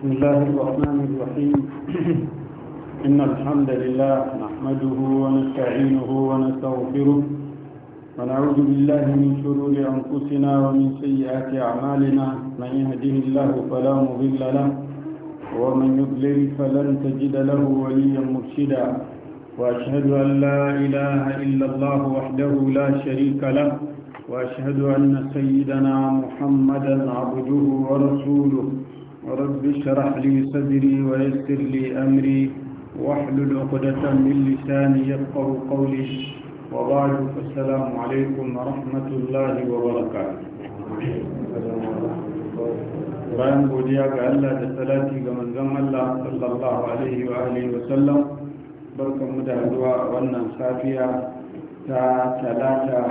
بسم الله الرحمن الرحيم إن الحمد لله نحمده ونستعينه ونستغفره ونعوذ بالله من شرور أنفسنا ومن سيئات أعمالنا من يهده الله فلا مضل له ومن يضلل فلن تجد له وليا مرشدا وأشهد أن لا إله إلا الله وحده لا شريك له وأشهد أن سيدنا محمدا عبده ورسوله رب اشرح لي صدري ويسر لي أمري واحلل عقدة من لساني يفقه قولي وبعد فالسلام عليكم ورحمة الله وبركاته بيان بوديا قال لا كمن زم الله صلى الله عليه وآله وسلم بركة مدهدوا وانا سافيا تا تلاتا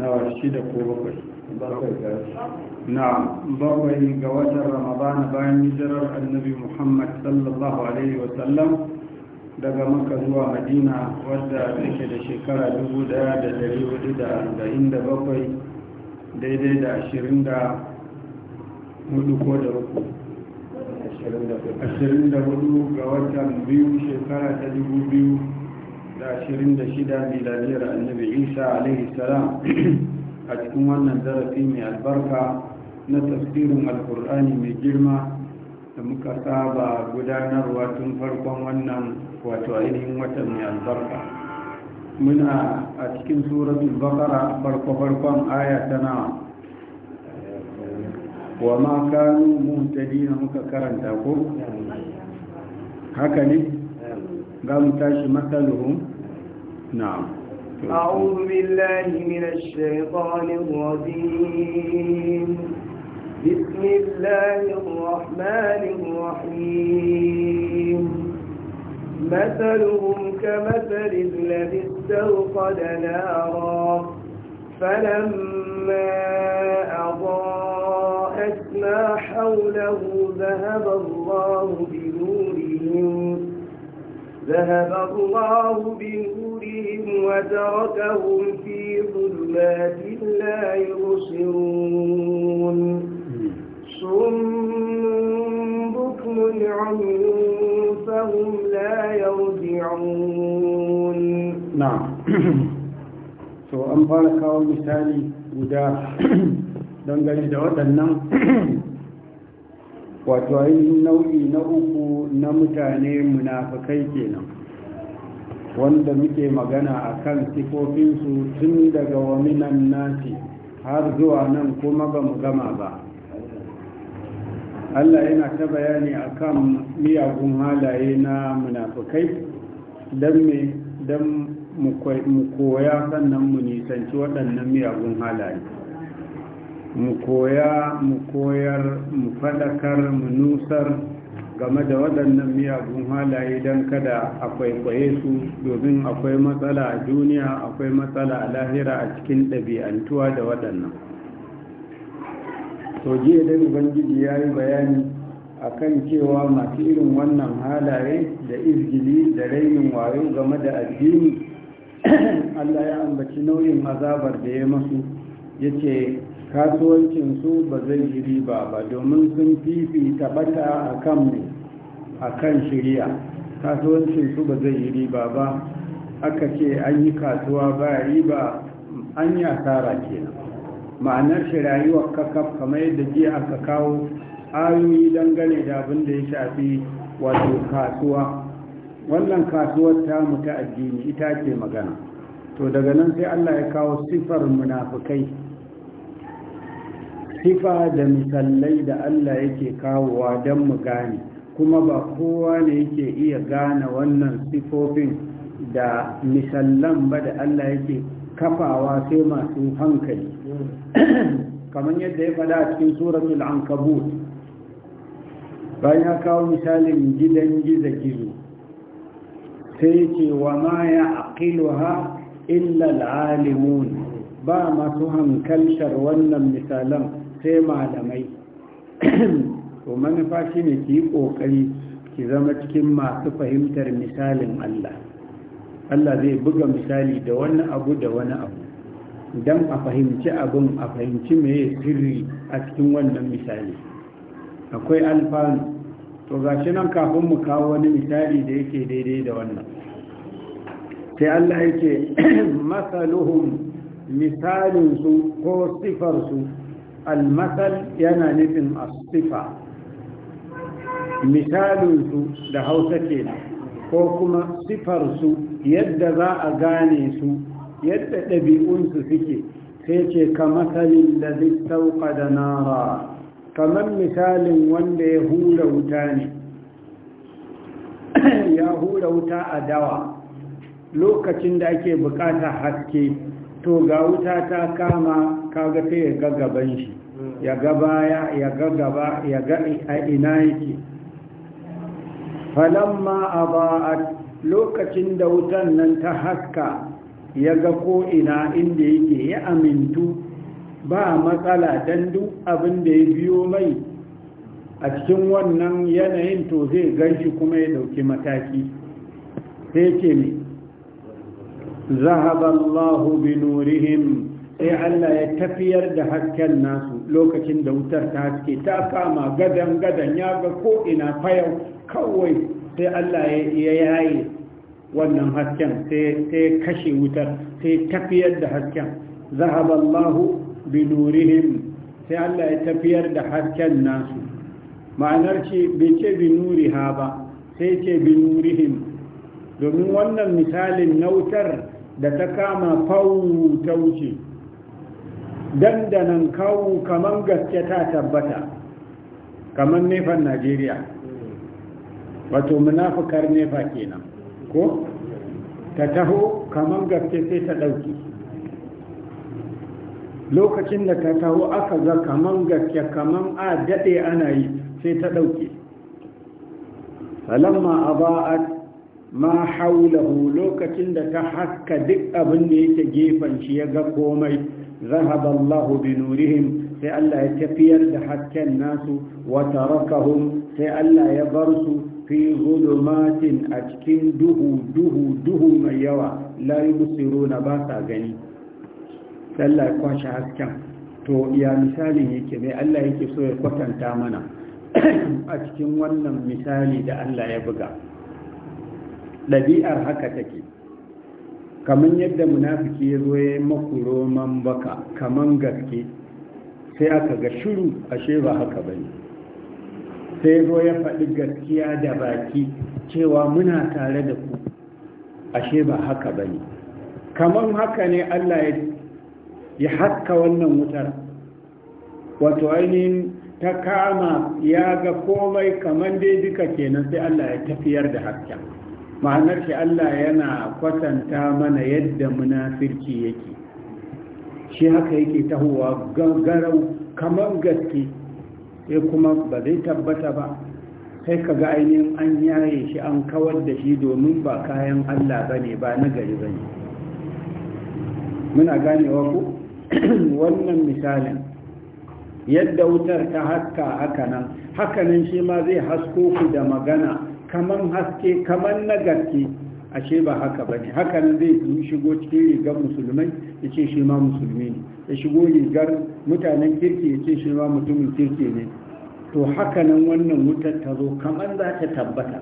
نوشيد قوبك بركة na bakwai ga watan ramadana bayan hijirar annabi muhammad sallallahu alaihi wasallam daga maka zuwa madina wadda take da shekara 1447 daidai da 24 ko da uku 24 ga watan biyu shekara ta 2026 miladiyar annabi isa alaihi salam a cikin wannan zarafi mai albarka na tafsirin alkur'ani mai girma da muka saba gudanarwa tun farkon wannan wato ainihin watan mai albarka muna a cikin suratul bakara farko-farkon aya tana wa ma kanu mutadi na muka karanta ko haka ne za mu tashi matsaluhu na'am أعوذ بالله من الشيطان الرجيم بسم الله الرحمن الرحيم مثلهم كمثل الذي استوقد نارا فلما أضاءت ما حوله ذهب الله بنورهم ذهب الله بنورهم وتركهم في ظلمات لا يبصرون صم بكم عمي فهم لا يرجعون نعم so an fara kawo misali guda dangane da waɗannan wato ainihin nau'i na uku na mutane munafakai kenan wanda muke magana a kan sifofinsu tun daga waminan nasi har zuwa nan kuma ba mu gama ba Allah yana ta bayani a akan miyagun halaye na munafukai don don mu koya sannan mu nisanci waɗannan miyagun halaye mu koya mu koyar mu faɗakar mu nusar game da waɗannan miyagun halaye don kada a kwaikwaye su domin akwai matsala a duniya akwai matsala a lahira a cikin ɗabi'antuwa da waɗannan to jiya dai ubangiji ya yi bayani akan cewa masu irin wannan halaye da izgili da rainin wayo game da addini allah ya ambaci nau'in azabar da ya masu ya ce kasuwancinsu ba zai shiri ba ba domin sun fifita bata a kan mu a kan shirya kasuwancinsu ba zai yi ba ba aka ce an yi kasuwa ba riba an yi asara kenan ma'anar shi rayuwar kakaf kamar yadda jiya aka kawo ayoyi dangane da abin da ya shafi wato kasuwa wannan kasuwar ta mutu ta addini ita ce magana to daga nan sai Allah ya kawo sifar munafukai sifa da misallai da Allah yake kawowa don mu gane kuma ba kowa ne yake iya gane wannan sifofin da misallan ba da Allah yake kafawa sai masu hankali kamar yadda ya fada a cikin suratul ankabut bayan ya kawo misalin gidan gizo gizo sai ce wa ma ya aqiluha illa alalimun ba masu hankaltar wannan misalan sai malamai to manufa shine ki yi kokari ki zama cikin masu fahimtar misalin Allah Allah zai buga misali da wani abu da wani abu don a fahimci abin a fahimci mai sirri a cikin wannan misali akwai alfanu to gashi nan kafin mu kawo wani misali da yake daidai da wannan sai Allah yake masaluhum misalinsu ko sifarsu almasal yana nufin sifa, misalinsu da hausa kenan ko kuma sifarsu yadda za a gane su yadda ɗabi'unsu suke sai ce ka matsalin da zai da nara kamar misalin wanda ya hura wuta ne ya hura wuta a dawa lokacin da ake bukata haske to ga wuta ta kama kaga sai ya ga shi ya ga ya ga ya ga a ina yake falamma a lokacin da wutan nan ta haska ya ga ko'ina inda yake ya amintu ba matsala dan duk abin da ya biyo mai a cikin wannan yanayin to zai ganshi kuma ya dauki mataki sai ce mai zahaballahu bi nurihim sai Allah ya tafiyar da hasken nasu lokacin da wutar ta haske ta kama gadan gadan ya ga ko'ina fayau kawai sai Allah ya yaye wannan hasken sai kashe wutar sai tafiyar da hasken zahaballahu bi nurihim sai Allah ya tafiyar da hasken nasu ma'anar ce bai ce bi nuriha ba sai ce bi nurihim domin wannan misalin nautar da ta kama fawu ta wuce dandanan kawo kaman gaske ta tabbata kaman nefan najeriya wato munafukar nefa kenan ko ta taho kamar gaske sai ta ɗauki lokacin da ta taho aka ga kamar gaske kamar a daɗe ana yi sai ta ɗauki salamma a a ma haulahu lokacin da ta haska duk abin da yake gefen shi ya ga komai zahaballahu bi nurihim sai Allah ya tafiyar da hasken nasu wa tarakahum sai Allah ya bar su fi zulumatin a cikin duhu duhu duhu mai yawa la yubsiruna ba sa gani Sallah ya kwashe hasken to ya misalin yake mai Allah yake so ya kwatanta mana a cikin wannan misali da Allah ya buga ɗabi'ar haka take kamar yadda munafiki ya zo ya makuro baka kaman gaske sai aka ga shiru ashe ba haka bane sai zo ya faɗi gaskiya da baki cewa muna tare da ku ashe ba haka ba ne kamar haka ne allah ya haska wannan wutar wato ainihin ta kama ya ga komai kamar dai duka kenan sai allah ya tafiyar da haska ma'anar shi allah yana kwatanta mana yadda munafirci yake shi haka yake tahowa garau kamar gaske sai kuma ba zai tabbata ba kai ka ga ainihin an yaye shi an kawar da shi domin ba kayan Allah ba ne ba na gari ba ne muna ganewa ku wannan misalin yadda wutar ta haska hakanan hakanan shi ma zai hasko ku da magana kaman haske kaman na gaske ashe ba haka bane hakan zai shigo cikin rigar musulmai ya ce shi ma musulmi ne ya shigo rigar mutanen kirki ya ce shi ma mutumin kirki ne to hakanan wannan wutar ta zo kamar za ta tabbata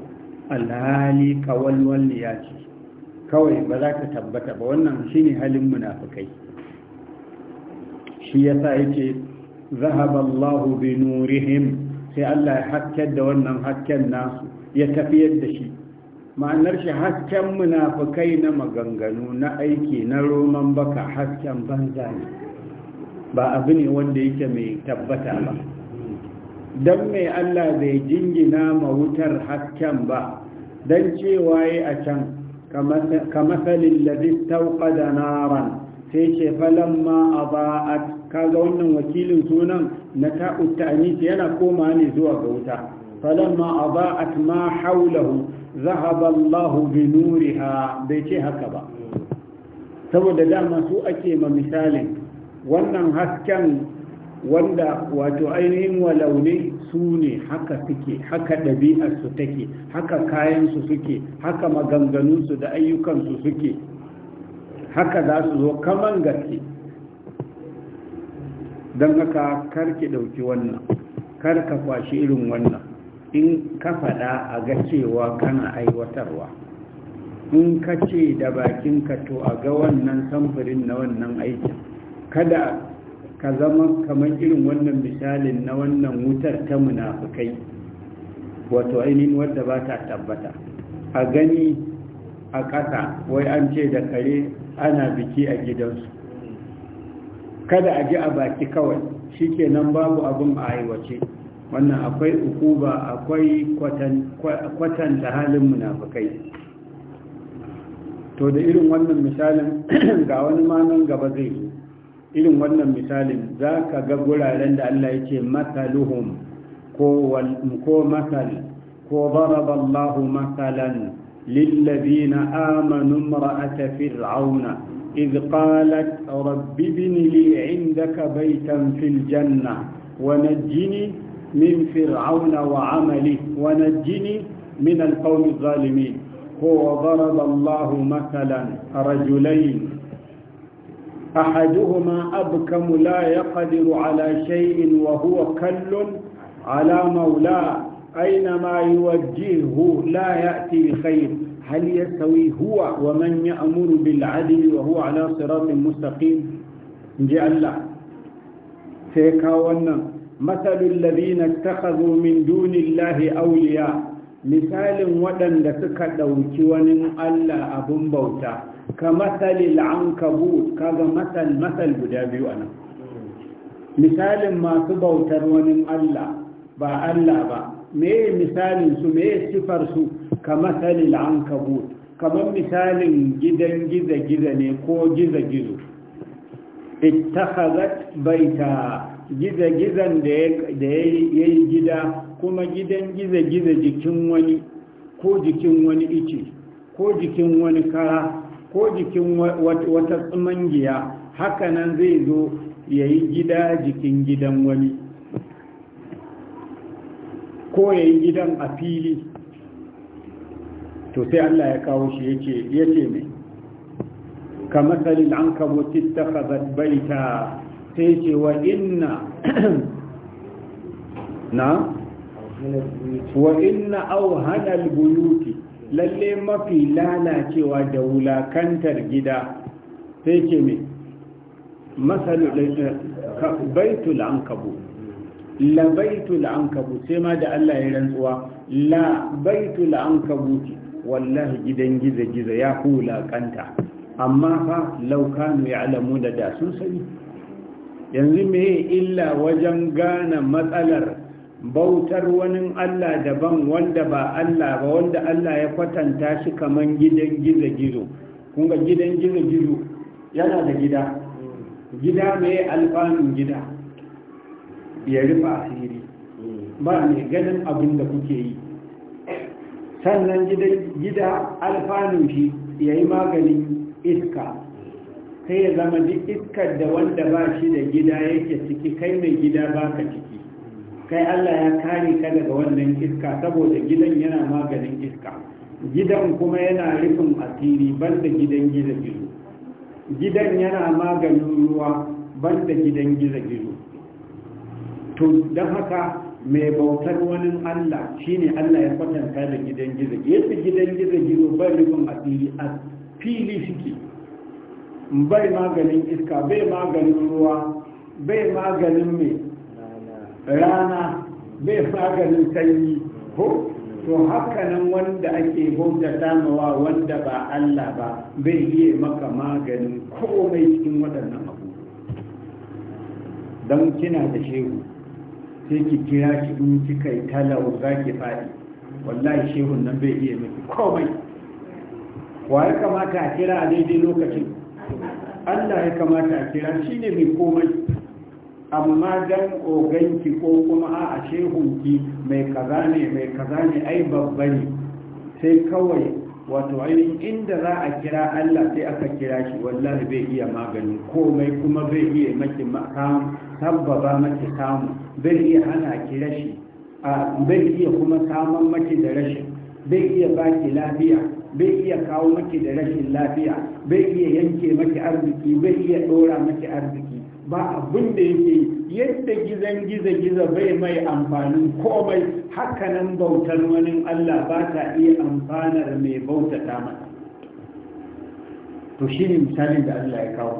alhali kawalwal ya ce kawai ba za ta tabbata ba wannan shine halin munafukai shi yasa yake zahaba Allahu bi nurihim sai Allah ya hakkar da wannan hakken nasu ya tafiyar da shi ma'anar shi hasken munafukai na maganganu na aiki na roman baka hasken banza ne ba abu ne wanda yake mai tabbata ba don mai allah zai jingina ma wutar hasken ba don cewa yi a can kamasalin tauka da naran sai ce falon ma a ba a kaga wannan wakilin sunan na nisa? yana koma ne zuwa ga wuta فلما أضاءت ما حوله ذهب الله بنورها بيتي هكذا saboda dama su ake ma misalin wannan hasken wanda wato ainihin ne su ne haka suke haka ɗabi'arsu take haka kayansu suke haka maganganunsu da ayyukansu suke haka za su zo kaman gaske don haka karki ɗauki wannan kar ka kwashi irin wannan in ka faɗa a ga cewa kana aiwatarwa in ka ce da bakinka to a ga wannan samfurin na wannan aikin kada ka zama kamar irin wannan misalin na wannan wutar ta munafukai wato ainihin wadda ba ta tabbata a gani a ƙasa wai an ce da kare ana biki a gidansu kada a ji a baki kawai shi nan babu abin a aiwace wannan akwai ukuba akwai kwatanta halin munafukai to da irin wannan misalin ga wani manan gaba zai zo irin wannan misalin za ka ga guraren da Allah ya ce matsaluhum ko matsal ko baraballahu matsalan للذين آمنوا امرأة فرعون إذ قالت رب ابن لي عندك بيتا في الجنة ونجني من فرعون وعمله ونجني من القوم الظالمين هو ضرب الله مثلا رجلين أحدهما أبكم لا يقدر على شيء وهو كل على مولاه أينما يوجهه لا يأتي بخير هل يستوي هو ومن يأمر بالعدل وهو على صراط مستقيم جعل الله سيكاونا مثل الذين اتخذوا من دون الله أولياء misalin waɗanda suka ɗauki wani Allah abun bauta ka matsalil an kabu kaga matsal matsal guda biyu a misalin masu bautar wani Allah ba Allah ba me misalin su me sifar su ka matsalil an kabu kamar misalin gidan giza ne ko giza-gizo baita giza da ya yi gida kuma gidan giza jikin wani ko jikin wani ice ko jikin wani kara ko jikin wata haka hakanan zai zo ya yi gida jikin gidan wani ko ya yi gidan a fili to sai Allah ya kawo shi ya ce mai ka matsalin an kabo tattafa baita sai ce wa inna na wa inna auhana albuyuti lalle mafi lalacewa da wulakantar gida sai ce mai masalu eh, baitul ankabu la baitul ankabu sai ma da Allah ya rantsuwa la baitul ankabuti wallahi gidan giza giza ya kanta amma fa laukanu ya alamu da da sun sani yanzu me illa wajen gane matsalar bautar wani Allah daban wanda ba Allah ba wanda Allah ya kwatanta shi kaman gidan gizo-gizo kunga gidan gizo-gizo yana da gida gida mai alfanun gida ya rufe asiri ba ne ganin abin da kuke yi sannan gida alfanun shi ya yi maganin iska sai ya zama duk iskar da wanda ba shi da gida yake ciki kai mai gida ba ka ciki kai Allah ya kare ka daga wannan iska saboda gidan yana maganin iska gidan kuma yana rufin asiri banda gidan gida gizo gidan yana maganin ruwa banda gidan gida gizo to don haka mai bautar wani Allah shine Allah ya kwatanta da gidan gizo gizo gidan gizo gizo ban rufin asiri a fili suke bai maganin iska bai maganin ruwa bai maganin mai rana bai maganin sanyi ko to hakanan wanda ake bauta mawa wanda ba Allah ba bai iya maka maganin komai cikin waɗannan abu don kina da shehu sai ki kira shi in kika yi talau za ki faɗi wallahi shehun nan bai iya maki komai wa ya kamata a kira a daidai lokacin Allah ya kamata a kira shi ne mai komai amma dan oganki ko kuma a shehunki mai kaza ne mai kaza ne ai babba ne sai kawai wato ainihin inda za a kira Allah sai aka kira shi wallahi bai iya magani komai kuma bai iya maki samu tabbaba maki samu bai iya hana ki rashi bai iya kuma samun maki da rashi bai iya baki lafiya bai iya kawo maki da rashin lafiya bai iya yanke maki arziki bai iya dora maki arziki ba abin da yake yadda gizan giza giza bai mai amfanin komai hakanan bautar wani Allah ba ta iya amfanar mai bautata mata to shi ne misalin da Allah ya kawo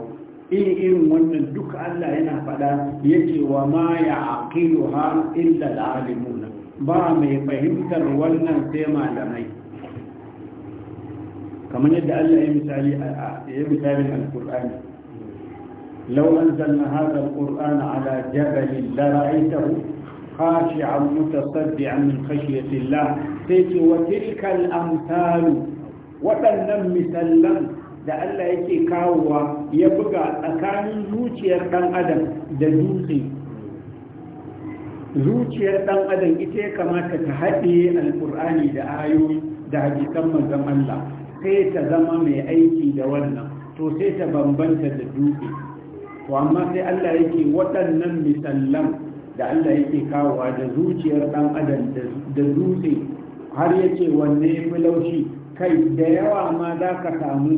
iri irin wannan duk Allah yana faɗa yake wa ma ya ha illa al-alimuna ba mai fahimtar wannan sai malamai kamar yadda Allah ya misali a ya misalin alqur'ani law anzalna hadha alqur'ana ala jabalin la ra'aytahu khashi'an mutasaddian min khashyati Allah sai ce wa tilkal waɗannan misallan da Allah yake kawowa ya buga tsakanin zuciyar ɗan adam da dutse zuciyar ɗan adam ita ya kamata ta haɗe alƙur'ani da ayoyi da hadisan manzon Allah sai ta zama mai aiki da wannan to sai ta bambanta da dutse to amma sai Allah yake waɗannan misallan da Allah yake kawowa da zuciyar ɗan adam da dutse har yake wanne ya fi laushi kai da yawa ma za ka samu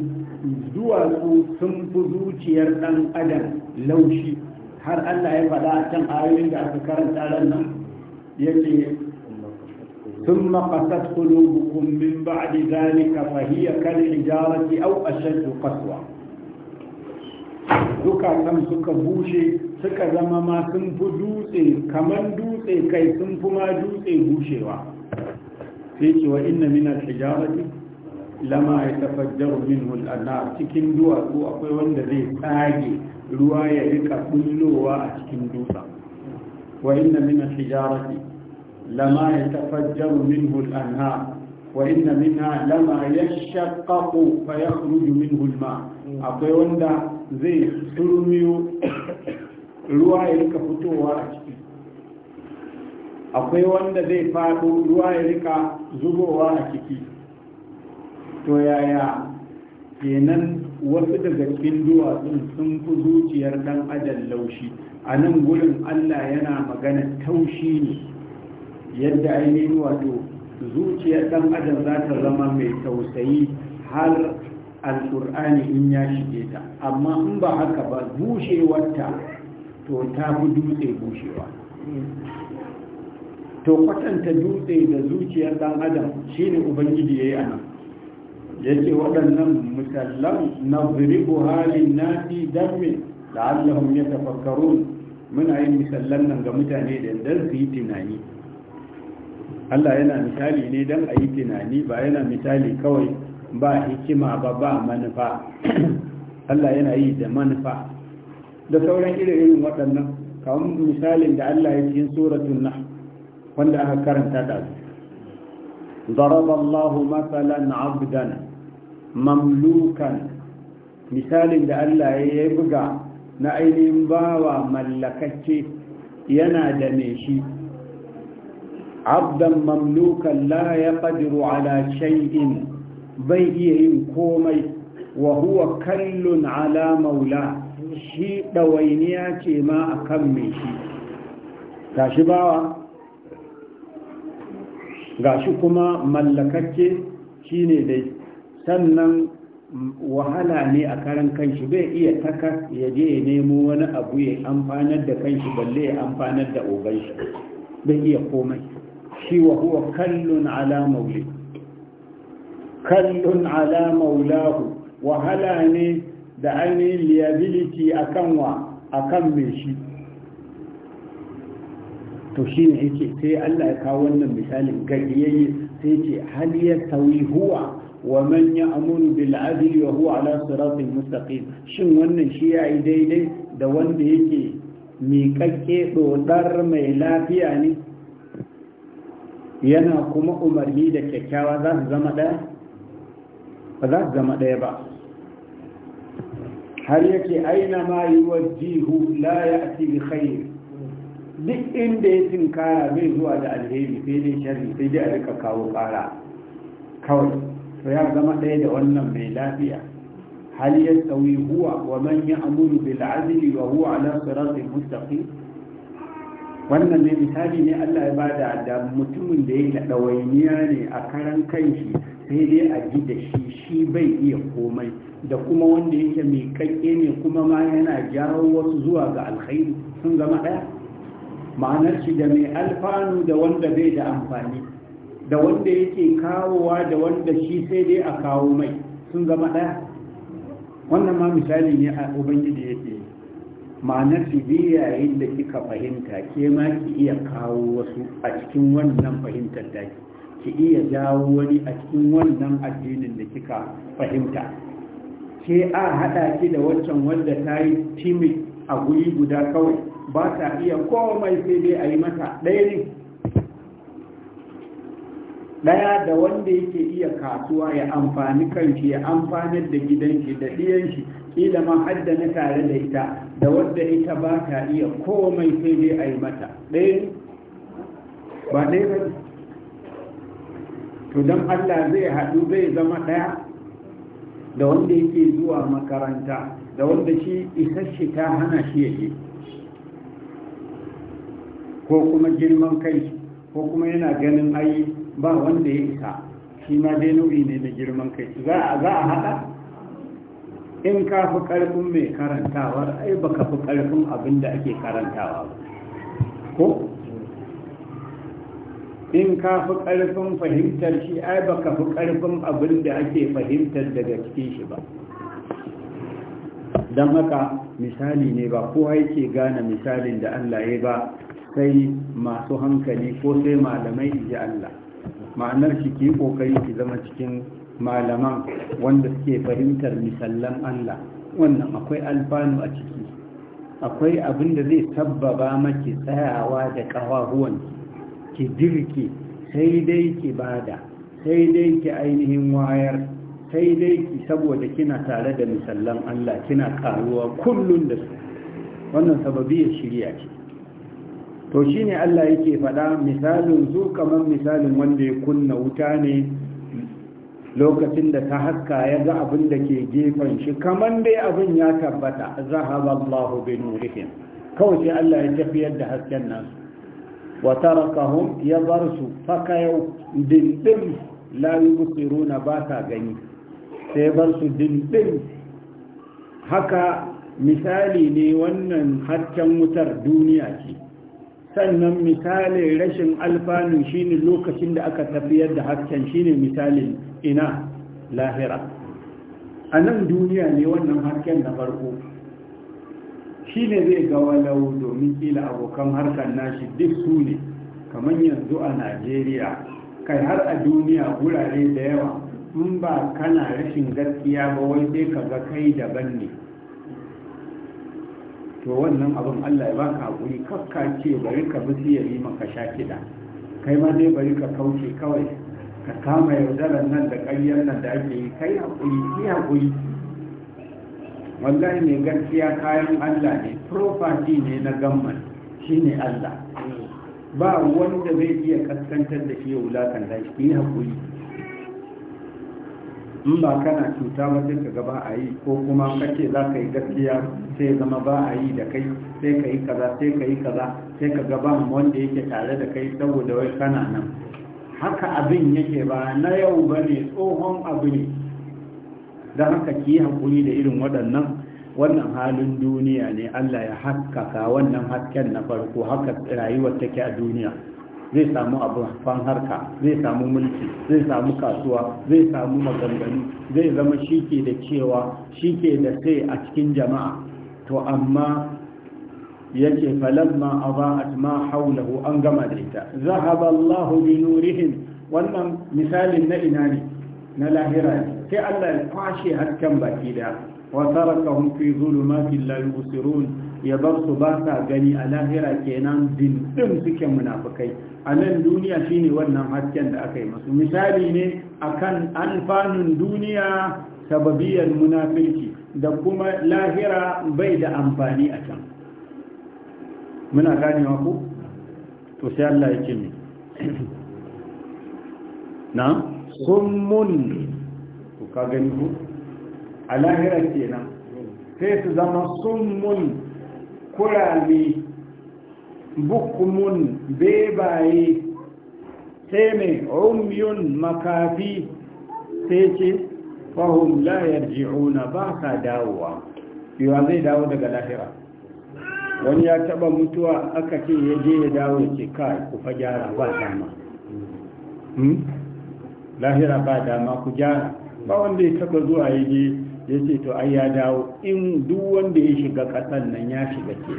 duwatsu sun fi zuciyar ɗan adam laushi har Allah ya faɗa a can ayoyin da aka karanta ran nan ya ثم قست قلوبكم من بعد ذلك فهي كالحجارة أو أشد قسوة zukatan suka bushe suka zama ma sun fi dutse kamar dutse kai sun fi ma dutse bushewa sai ce wa inna min al-hijarati lama yatafajjaru minhu al-anhar cikin duwatsu akwai wanda zai tsage ruwa ya rika bullowa a cikin dutsen wa inna min al لما يتفجر منه الأنهار وإن منها لما يشقق فيخرج منه الماء أقول wanda زي turmiyo ruwa ya rika akwai wanda zai faɗo ruwa ya rika zubowa a ciki to yaya kenan wasu daga cikin duwatsun sun fi zuciyar ɗan ajal laushi a nan gurin allah yana magana taushi ne yadda ainihin wato zuciyar ɗan adam za ta zama mai tausayi har alƙur'ani in ya shige ta amma in ba haka ba bushewarta to ta fi dutse bushewa to kwatanta dutse da zuciyar ɗan adam shine ubangiji ya yi a nan ya ce waɗannan musallam na zuribu halin nasi damin la'allahum ya tafakkarun muna yin musallan nan ga mutane da dan su yi tunani Allah yana misali ne don a yi tunani ba yana misali kawai ba hikima ba ba manufa Allah yana yi da manufa da sauran irin waɗannan kawon misalin da Allah ya cikin suratun na wanda aka karanta da su ضرب matsalan abdan mamlukan misalin da Allah ya buga na ainihin bawa mallakacce yana da mai shi abdan mamlukan la ya ƙadiru ala shay'in bai iya yin komai wa huwa kallun ala maula shi ɗawainiya ce ma a kan mai shi gashi bawa gashi kuma mallakakke shi ne dai sannan wahala ne a karan kanshi bai iya taka ya je ya nemo wani abu ya amfanar da kanshi balle ya amfanar da ogan bai iya komai shi wa huwa kallun ala mauli kallun wahala ne da ainihin liability a kanwa a kan mai shi to shi ne yake sai allah ya kawo wannan misalin gajiyayye sai ce hal ya sauyi huwa wa man ya amuru bil adli wa huwa ala siratin mustaqim shin wannan shi ya yi daidai da wanda yake miƙaƙƙe dodar mai lafiya ne yana kuma umarni da kyakkyawa za su zama ɗaya ba za su zama ɗaya ba har yake aina ma yi wa jihu la ya cikin bi duk inda ya tinkara zai zuwa da alheri sai dai shari sai dai a rika kawo kara kawai to ya zama ɗaya da wannan mai lafiya hal ya tsawi huwa wa man ya amuru bil wa huwa ala da mustaqim wannan ne misali ne Allah ya bada da mutumin da yake ɗawainiya ne a karan kanshi sai dai a ji da shi shi bai iya komai da kuma wanda yake mai kakke ne kuma ma yana jawo wasu zuwa ga alkhairi sun zama ɗaya ma'anar shi da mai alfanu da wanda bai da amfani da wanda yake kawowa da wanda shi sai dai a kawo mai sun zama ɗaya wannan ma misali ne a ubangiji yake ma'anar ki bi yayin da kika fahimta ke ma ki iya kawo wasu a cikin wannan fahimtar da ki iya jawo wani a cikin wannan addinin da kika fahimta ke a haɗa ki da waccan wanda ta yi timi a guri guda kawai ba ta iya komai sai dai a yi mata ɗaya ne ɗaya da wanda yake iya kasuwa ya amfani kanki ya amfanar da shi da ɗiyanshi ila ma hadda na tare da ita da wadda ita ba ta iya komai sai dai a yi mata ɗaya ba ɗaya ba to don allah zai haɗu zai zama ɗaya da wanda yake zuwa makaranta da wanda shi isasshe ta hana shi yake ko kuma girman kai ko kuma yana ganin ayi ba wanda ya isa shi ma dai nau'i ne na girman kai za a haɗa in ka fi ƙarfin mai karantawar ai ba ka fi ƙarfin abin da ake karantawa ba ko in ka fi ƙarfin fahimtar shi ai ba ka fi ƙarfin abin da ake fahimtar daga cikin shi ba don haka misali ne ba kowa yake gane misalin da Allah ya ba sai masu hankali ko sai malamai ji Allah ma'anar shi ke kokari ki zama cikin malaman wanda suke fahimtar misallan Allah wannan akwai alfanu a ciki akwai abin da zai sabbaba maki tsayawa da ƙawahuwan ki dirke sai dai ki bada sai dai ki ainihin wayar sai dai ki saboda kina tare da misallan Allah kina karuwa kullun da su wannan sababi ya shirya ce to shine Allah yake faɗa misalin zu kamar misalin wanda ya kunna wuta ne lokacin da ta haska ya ga abin da ke gefen shi kamar dai abin ya tabbata zahaballahu bi nurihim kawai Allah ya tafiyar da hasken nan wa tarakahum ya bar su faka yau dindin la yubsiruna ba ta gani sai bar su dindin haka misali ne wannan hasken wutar duniya ce sannan misalin rashin alfanu shine lokacin da aka tafiyar da hasken shine misalin ina lahira Anan duniya ne wannan hasken na farko shine zai ga walau domin kila abokan harkar nashi duk su ne kamar yanzu a najeriya kai har a duniya gurare da yawa in ba kana rashin gaskiya ba wai sai ka ga kai daban ne to wannan abin Allah ya baka hakuri kakka ce bari ka bi yi maka sha kiɗa kai ma dai bari ka kauce kawai ka kama yaudarar nan da ƙaryar nan da ake yi kai hakuri ki hakuri wallahi mai gaskiya kayan Allah ne property ne na gamman shine Allah ba wanda zai iya kaskantar da shi ya wulakanta shi hakuri in ba kana cuta ba sai kaga a yi ko kuma kake za ka yi gaskiya sai zama ba a yi da kai sai ka yi kaza sai ka yi kaza sai ka gaba wanda yake tare da kai saboda wai kana nan haka abin yake ba na yau ba ne tsohon abu ne don haka ki yi hakuri da irin waɗannan wannan halin duniya ne allah ya haskaka wannan hasken na farko haka rayuwar take a duniya zai samu abin harka zai samu mulki zai samu kasuwa zai samu maganganu zai zama shi ke da cewa shi ke da sai a cikin jama'a to amma yake falamma aba'at ma haulahu an gama da ita zahaba Allahu bi wannan misalin na ina ne na lahira ne sai Allah ya kwashe hasken baki da وتركهم في ظلمات لا يبصرون يبرس باسا غني على هرا كينان دين دم سكي منافقي على الدنيا شيني wannan hasken da aka yi musu misali ne akan alfanun duniya sababiyar munafirki da kuma lahira bai da amfani a can muna ganewa ku to sai Allah ya ce na ka gani ku a lahira kenan sai su zama sunmun kurami bukumun bebaye sai mai makafi sai ce fahim layar ji'una ba ka dawowa yiwa zai dawo daga lahira wani ya taba mutuwa aka ce ya je ya dawo ya ce kai ku fa gyara ba dama hmm? lahira ba dama ku gyara ba wanda ya taba zuwa ya je ya ce to ai ya dawo in duk wanda ya shiga ƙasar nan ya shiga ke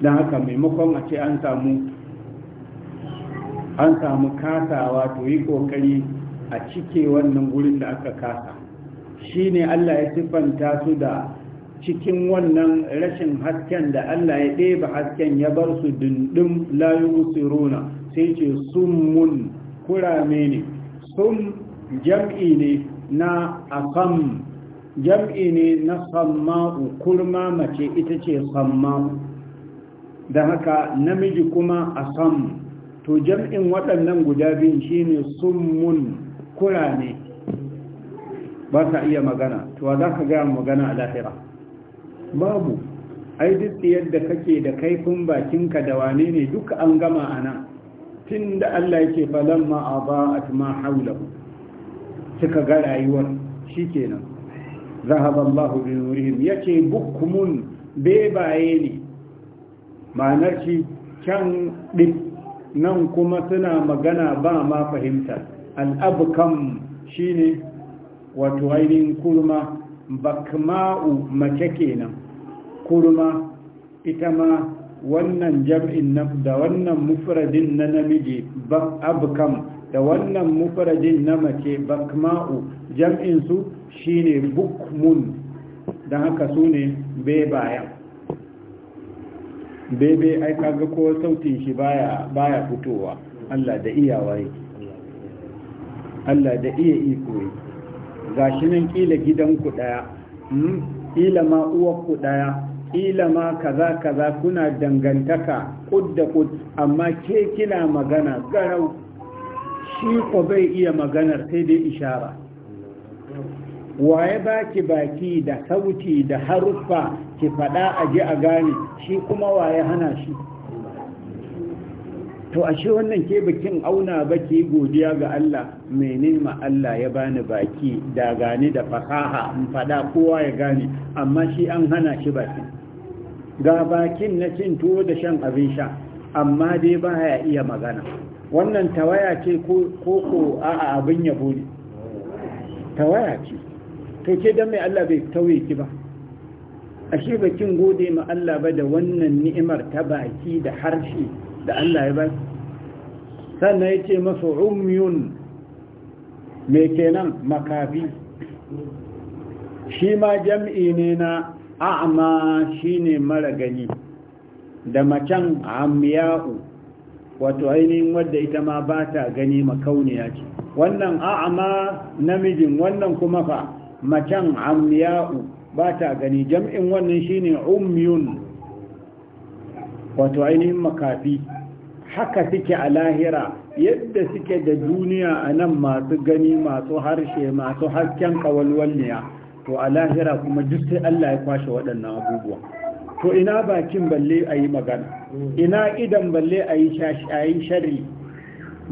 don haka maimakon a ce an samu an samu kasawa to yi ƙoƙari a cike wannan gurin da aka kasa shi ne allah ya siffanta su da cikin wannan rashin hasken da allah ya ɗeba hasken ya bar su dindin layu sai ce sun mun kurame ne Sun jam'i ne na akan. jam'i ne na samma'u kurma mace ita ce samma'u da haka namiji kuma a sam to jam'in waɗannan guda biyun shine summun kura ne ba sa iya magana to za ka gaya magana a lahira babu ai duk yadda kake da kaifin bakinka da wane ne duk an gama a nan tun Allah yake falamma a ba a haulahu suka ga rayuwar shi kenan zahaballahu bi nurihim ce bukkumun bebaye ne ma'anar shi can ɗin nan kuma suna magana ba ma fahimta al'abukam shi ne wato ainihin kurma bakma'u mace kenan kurma ita ma wannan jam'in na da wannan mufradin na namiji abukam da wannan mufradin na mace bakma'u jam'insu shine bukmun don haka su ne bebayan bebe ai kaga ko sautin shi baya baya fitowa Allah da iyawa yake Allah da iya iko yi gashi nan kila gidanku daya hmm? kila ma uwarku daya kila ma kaza kaza kuna dangantaka kud da kud amma ke kina magana garau shi ko bai iya maganar sai dai ishara wa ya baki baki da sauti da haruffa ki faɗa a ji a gane shi kuma wa ya hana shi to ashe wannan ke bikin auna baki godiya ga Allah Menene ma Allah ya bani baki da gani da fasaha in faɗa kowa ya gane amma shi an hana shi baki ga bakin na cin tuwo da shan abin sha amma dai baya iya magana wannan tawaya ce ko ko a'a abin yabo ne tawaya ce kai ce dan mai Allah bai tauye ki ba a ba bakin gode ma Allah ba da wannan ni'imar ta baki da harshe da Allah ya baki sannan ya ce masa umyun mai kenan makafi shi ma jam'i ne na a'ama shine mara gani da macen amyahu wato ainihin wadda ita ma ba ta gani makauniya ce wannan a'ama namijin wannan kuma fa macen amya'u ba ta gani jam'in wannan shine umyun wato ainihin makafi haka suke a lahira yadda suke da duniya a nan masu gani masu harshe masu hasken kawalwalniya to a lahira kuma duk sai Allah ya kwashe waɗannan abubuwa to ina bakin balle a yi magana ina idan balle a yi shari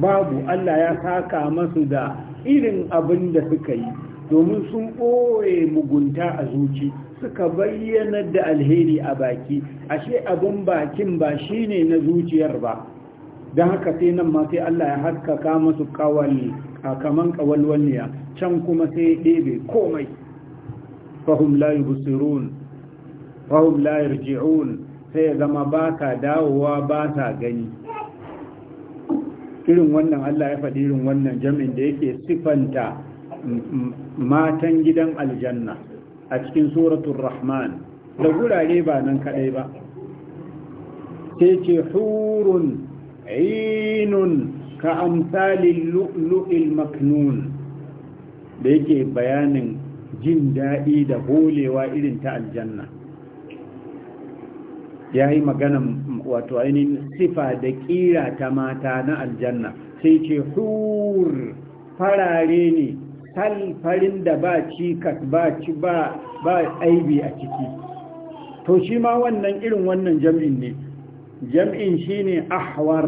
babu Allah ya saka masu da irin abin da suka yi domin sun ɓoye mugunta a zuci suka bayyanar da alheri a baki ashe abin bakin ba shine na zuciyar ba don haka sai nan ma sai Allah ya haskaka masu kawali a kaman kawalwaniya can kuma sai ɗebe komai fahim la busirun fahim sai ya zama ba ka dawowa ba ta gani irin wannan Allah ya faɗi irin wannan jami'in da yake sifanta matan gidan aljanna a cikin suratul rahman da gurare ba nan kadai ba sai ce hurun ainun ka amsalin lu'lu'il maknun da yake bayanin jin daɗi da bolewa irin ta aljanna ya yi maganan wato ainihin sifa da ƙira ta mata na aljanna sai ce hur farare ne sal farin da ba cikas ba ci ba aibi a ciki to shi ma wannan irin wannan jam'in ne jam'in shine ahwar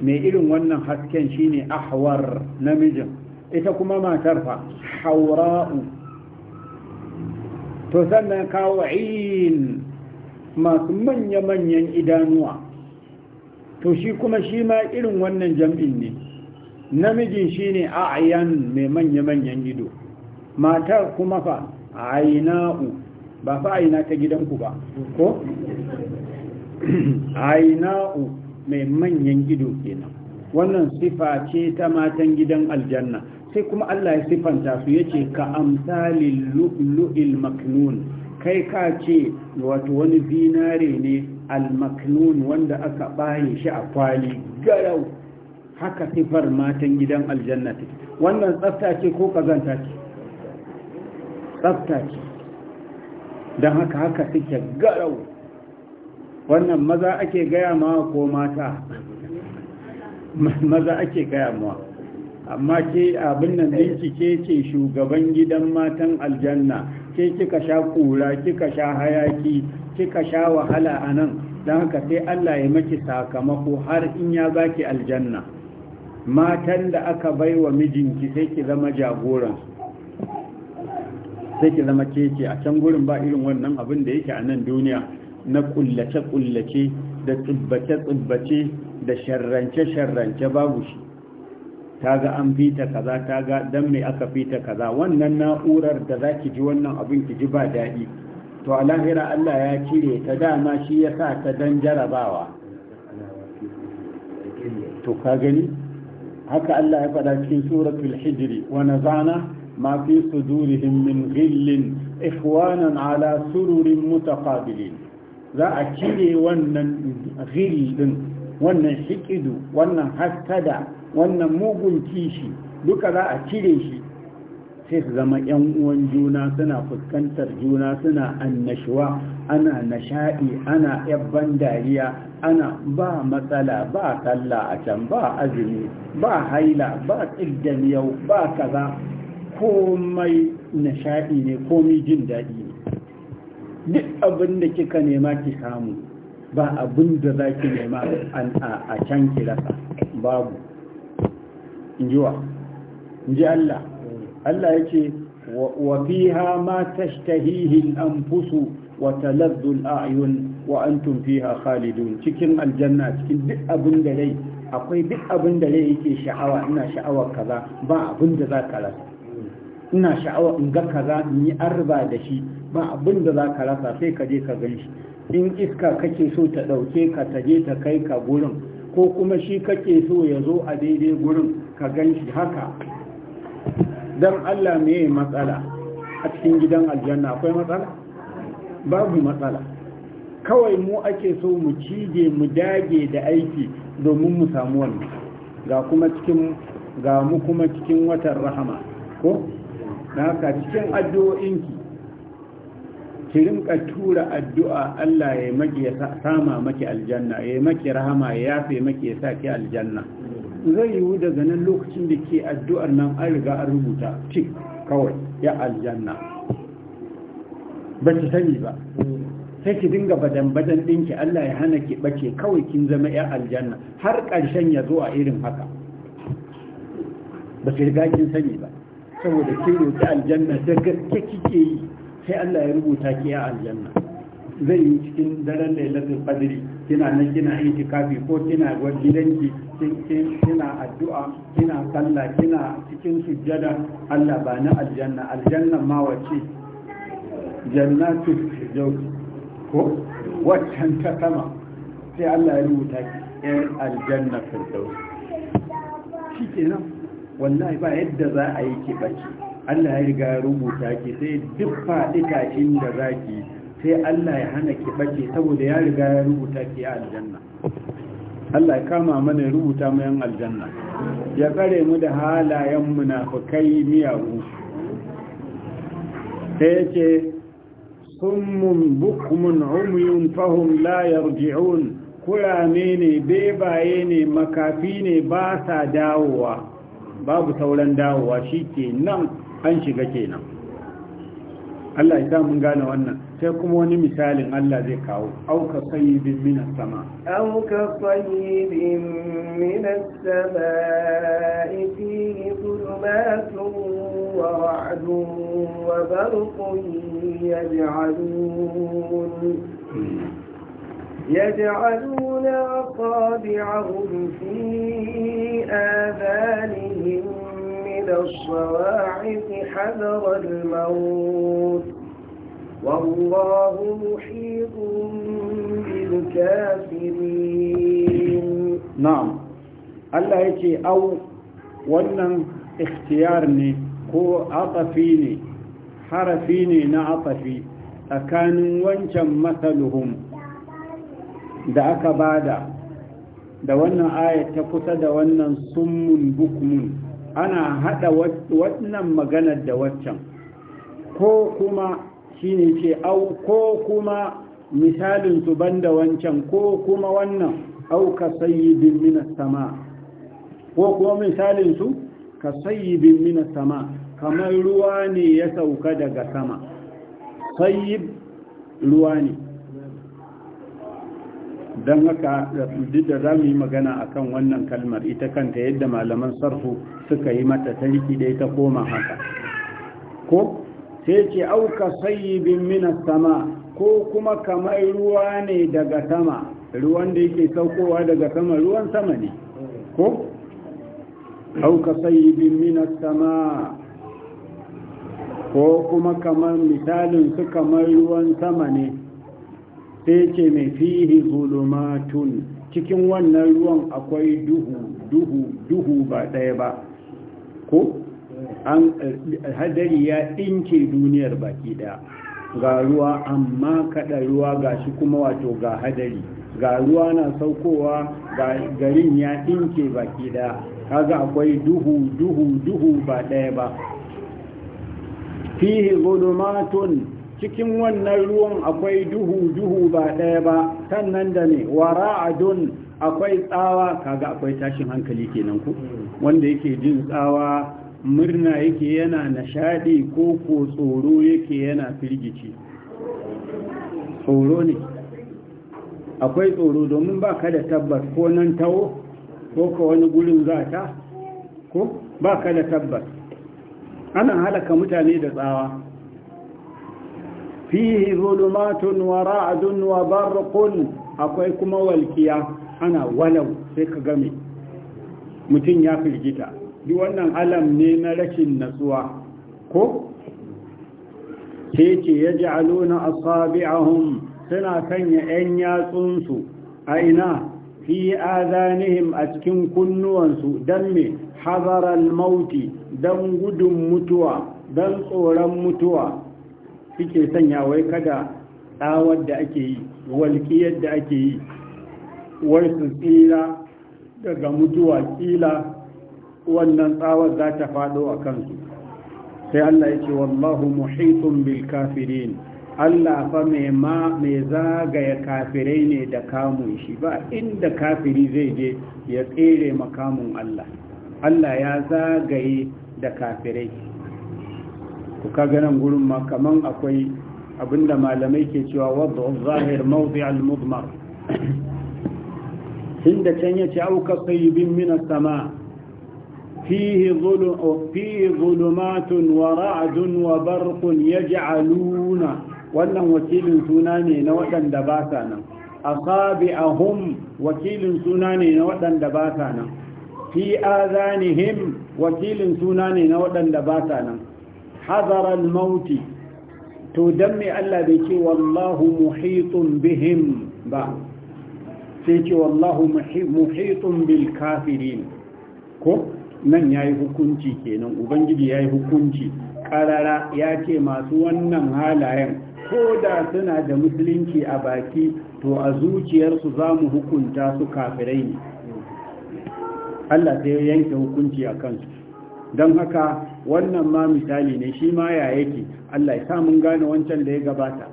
mai irin wannan hasken shine ahwar namijin ita kuma matar fa haura'u to sannan kawo masu manya-manyan idanuwa to shi kuma shi ma irin wannan jam'in ne namijin shine a'yan mai manya-manyan gido matar kuma fa aina u ba fa aina ta gidanku ba ko aina u mai manyan gido kenan wannan sifa ce ta matan gidan aljanna sai kuma Allah ya sifanta su yace ka amsalil lu'lu'il maknun kai ka ce wato wani binare ne al maknun wanda aka baye shi a kwali garau haka sifar matan gidan aljanna take wannan tsafta ce ko kazanta ce tsafta ce don haka haka suke garau wannan maza ake gaya mawa ko mata maza ake gaya mawa amma ke abin nan ɗinki ke ce shugaban gidan matan aljanna ke kika sha kura kika sha hayaki kika sha wahala a nan don haka sai allah ya maki sakamako har in ya baki aljanna matan da aka bai wa mijinki sai ki zama jagoransu sai ki zama keke a can gurin ba irin wannan abin da yake a nan duniya na kullace-kullace da tsubbace-tsubbace da sharrance-sharrance babu shi ta ga an fita kaza ta ga don mai aka fita kaza wannan na'urar da za ki ji wannan abin ki ji ba daɗi to a lahira Allah ya cire ta dama shi ya sa ta don jarabawa to ka gani haka Allah ya faɗa cikin suratul hijri wa nazana ma fi sudurihim min ghillin ikhwanan ala sururin mutaqabilin za a cire wannan ghil din wannan hikidu wannan haskada wannan mugun kishi duka za a cire shi sai su zama yan uwan juna suna fuskantar juna suna annashuwa ana nashaɗi, ana yabban dariya ana ba matsala ba sallah a can ba azumi ba haila ba tsiddan yau ba kaza komai nashaɗi ne komai jin daɗi ne duk abin da kika nema ki samu ba abin da za ki nema a can ki rasa babu in ji Allah Allah yace wa fiha ma tashtahihi al-anfusu wa taladdu al-a'yun wa antum fiha khalidun cikin aljanna cikin duk abin da rai akwai duk abin da rai yake sha'awa ina sha'awar kaza ba abin da za ka rasa ina sha'awa in ga kaza in yi arba da shi ba abin da za ka rasa sai ka je ka gan shi in iska kake so ta dauke ka ta je ta kai ka gurin ko kuma shi kake so ya zo a daidai gurin ka gan shi haka don Allah me matsala a cikin gidan aljanna akwai matsala babu matsala kawai mu ake so mu cije mu dage da aiki domin mu samu wannan ga kuma cikin ga mu kuma cikin watan rahama ko na haka cikin addu'o'inki ki rinka tura addu'a Allah ya maki ya sama maki aljanna ya maki rahama ya yafe maki ya sa ki aljanna zai yiwu daga nan lokacin da ke addu'ar nan an riga an rubuta cik kawai ya aljanna ba ta sani ba sai ki dinga badan-badan ɗinki Allah ya hana ki ɓace kawai kin zama ya aljanna har ƙarshen ya zo a irin haka ba su riga kin sani ba saboda kin roƙi aljanna da gaske kike yi sai Allah ya rubuta ki ya aljanna zai yi cikin daren lailatul qadri kina nan kina itikafi ko kina gidanki kina addu'a kina sallah kina cikin sujjada Allah ba na aljanna aljanna ma wace jannatu jawzi ko waccan ta sama sai Allah ya rubuta ki aljanna firdaus shikenan wallahi ba yadda za a yi ki baki Allah ya riga rubuta ki sai duk faɗi tashin da yi. sai Allah ya hana ki bace saboda ya riga ya rubuta ki a aljanna Allah ya kama mana rubuta mu yan aljanna ya kare mu da halayen munafikai miyagu sai yace summun bukmun umyun fahum la yarji'un kurame ne bebaye ne makafi ne ba sa dawowa babu sauran dawowa shi ke nan an shiga kenan Allah ya sa mun gane wannan sai kuma wani misalin Allah zai kawo auka sayyibin minas sama auka sayyibin minas sama fihi zulmatun wa ra'dun wa barqun yaj'alun يجعلون أصابعهم في آذانهم من الصواعق حذر الموت والله محيط بالكافرين نعم الله يتي أو ونن اختيارني هو عطفيني حرفيني نعطفي أكان وانشم مثلهم da aka bada da wannan ayat ta kusa da wannan summun bukmun ana hada wannan maganar da waccan ko kuma shine ce au ko kuma misalin su banda wancan ko kuma wannan au ka sayyidin minas sama ko kuma misalin su ka sayyidin minas sama kamar ruwa ne ya sauka daga sama sayyid ruwa ne don haka da za mu yi magana a kan wannan kalmar ita kanta yadda malaman sarfu suka yi mata tariki da ita koma haka ko sai ce auka sayyibin mina sama ko kuma kamar ruwa ne daga sama ruwan da yake saukowa daga sama ruwan sama ne ko auka sayyibin mina sama ko kuma kamar misalin su kamar ruwan sama ne sai ce mai fihi hulumatun cikin wannan ruwan akwai duhu duhu duhu ba ɗaya ba ko an hadari ya ɗinke duniyar baki ɗaya ga ruwa amma kada ruwa ga shi kuma wato ga hadari ga ruwa na saukowa ga garin ya ɗinke baki ɗaya kaga akwai duhu duhu duhu ba ɗaya ba fihi zulumatun cikin wannan ruwan akwai duhu duhu ba ɗaya ba sannan da ne wara'adun akwai tsawa kaga akwai tashin hankali kenan ku wanda yake jin tsawa murna yake yana nashadi ko ko tsoro yake yana firgici tsoro ne akwai tsoro domin ba ka da tabbas ko nan tawo ko ka wani gurin za ko ba ka da tabbas ana halaka mutane da tsawa fihi zulumatun wa ra'dun wa barqun akwai kuma walkiya ana walau sai ka game mutum ya firgita duk wannan alam ne na rashin natsuwa ko sai ce ya ji aluna asabi'ahum suna sanya 'yan yatsunsu a ina fi azanihim a cikin kunnuwansu don mai hazarar mauti don gudun mutuwa don tsoron mutuwa suke sanya wai kada tsawar da ake yi walƙiyar da ake yi warsu tsira daga mutuwa tsila wannan tsawar za ta faɗo a kansu sai Allah ya ce wallahu muhitun bil kafirin Allah fa mai ma mai zagaya kafirai ne da kamun shi ba inda kafiri zai je ya tsere makamun Allah Allah ya zagaye da kafirai ku kaga nan gurin ma kaman akwai abinda malamai ke cewa wadda zahir mawdi al-mudmar inda can yace auka sayyibin min as-sama فيه, ظلم فيه ظلمات ورعد وبرق يجعلون wannan wakilin suna ne na waɗanda ba sa nan A asabi'ahum wakilin suna ne na waɗanda ba sa nan fi azanihim wakilin suna ne na waɗanda ba sa nan hazaral mauti to dan me Allah bai ce wallahu muhitun bihim ba sai ce wallahu muhitun bil kafirin ko nan ya yi hukunci kenan ubangiji ya yi hukunci karara ya ce masu wannan halayen ko da suna da musulunci a baki to a zuciyarsu za mu hukunta su kafirai ne allah sai yanke hukunci a kansu don haka wannan ma misali ne shi ma ya yake allah ya mun gane wancan da ya gabata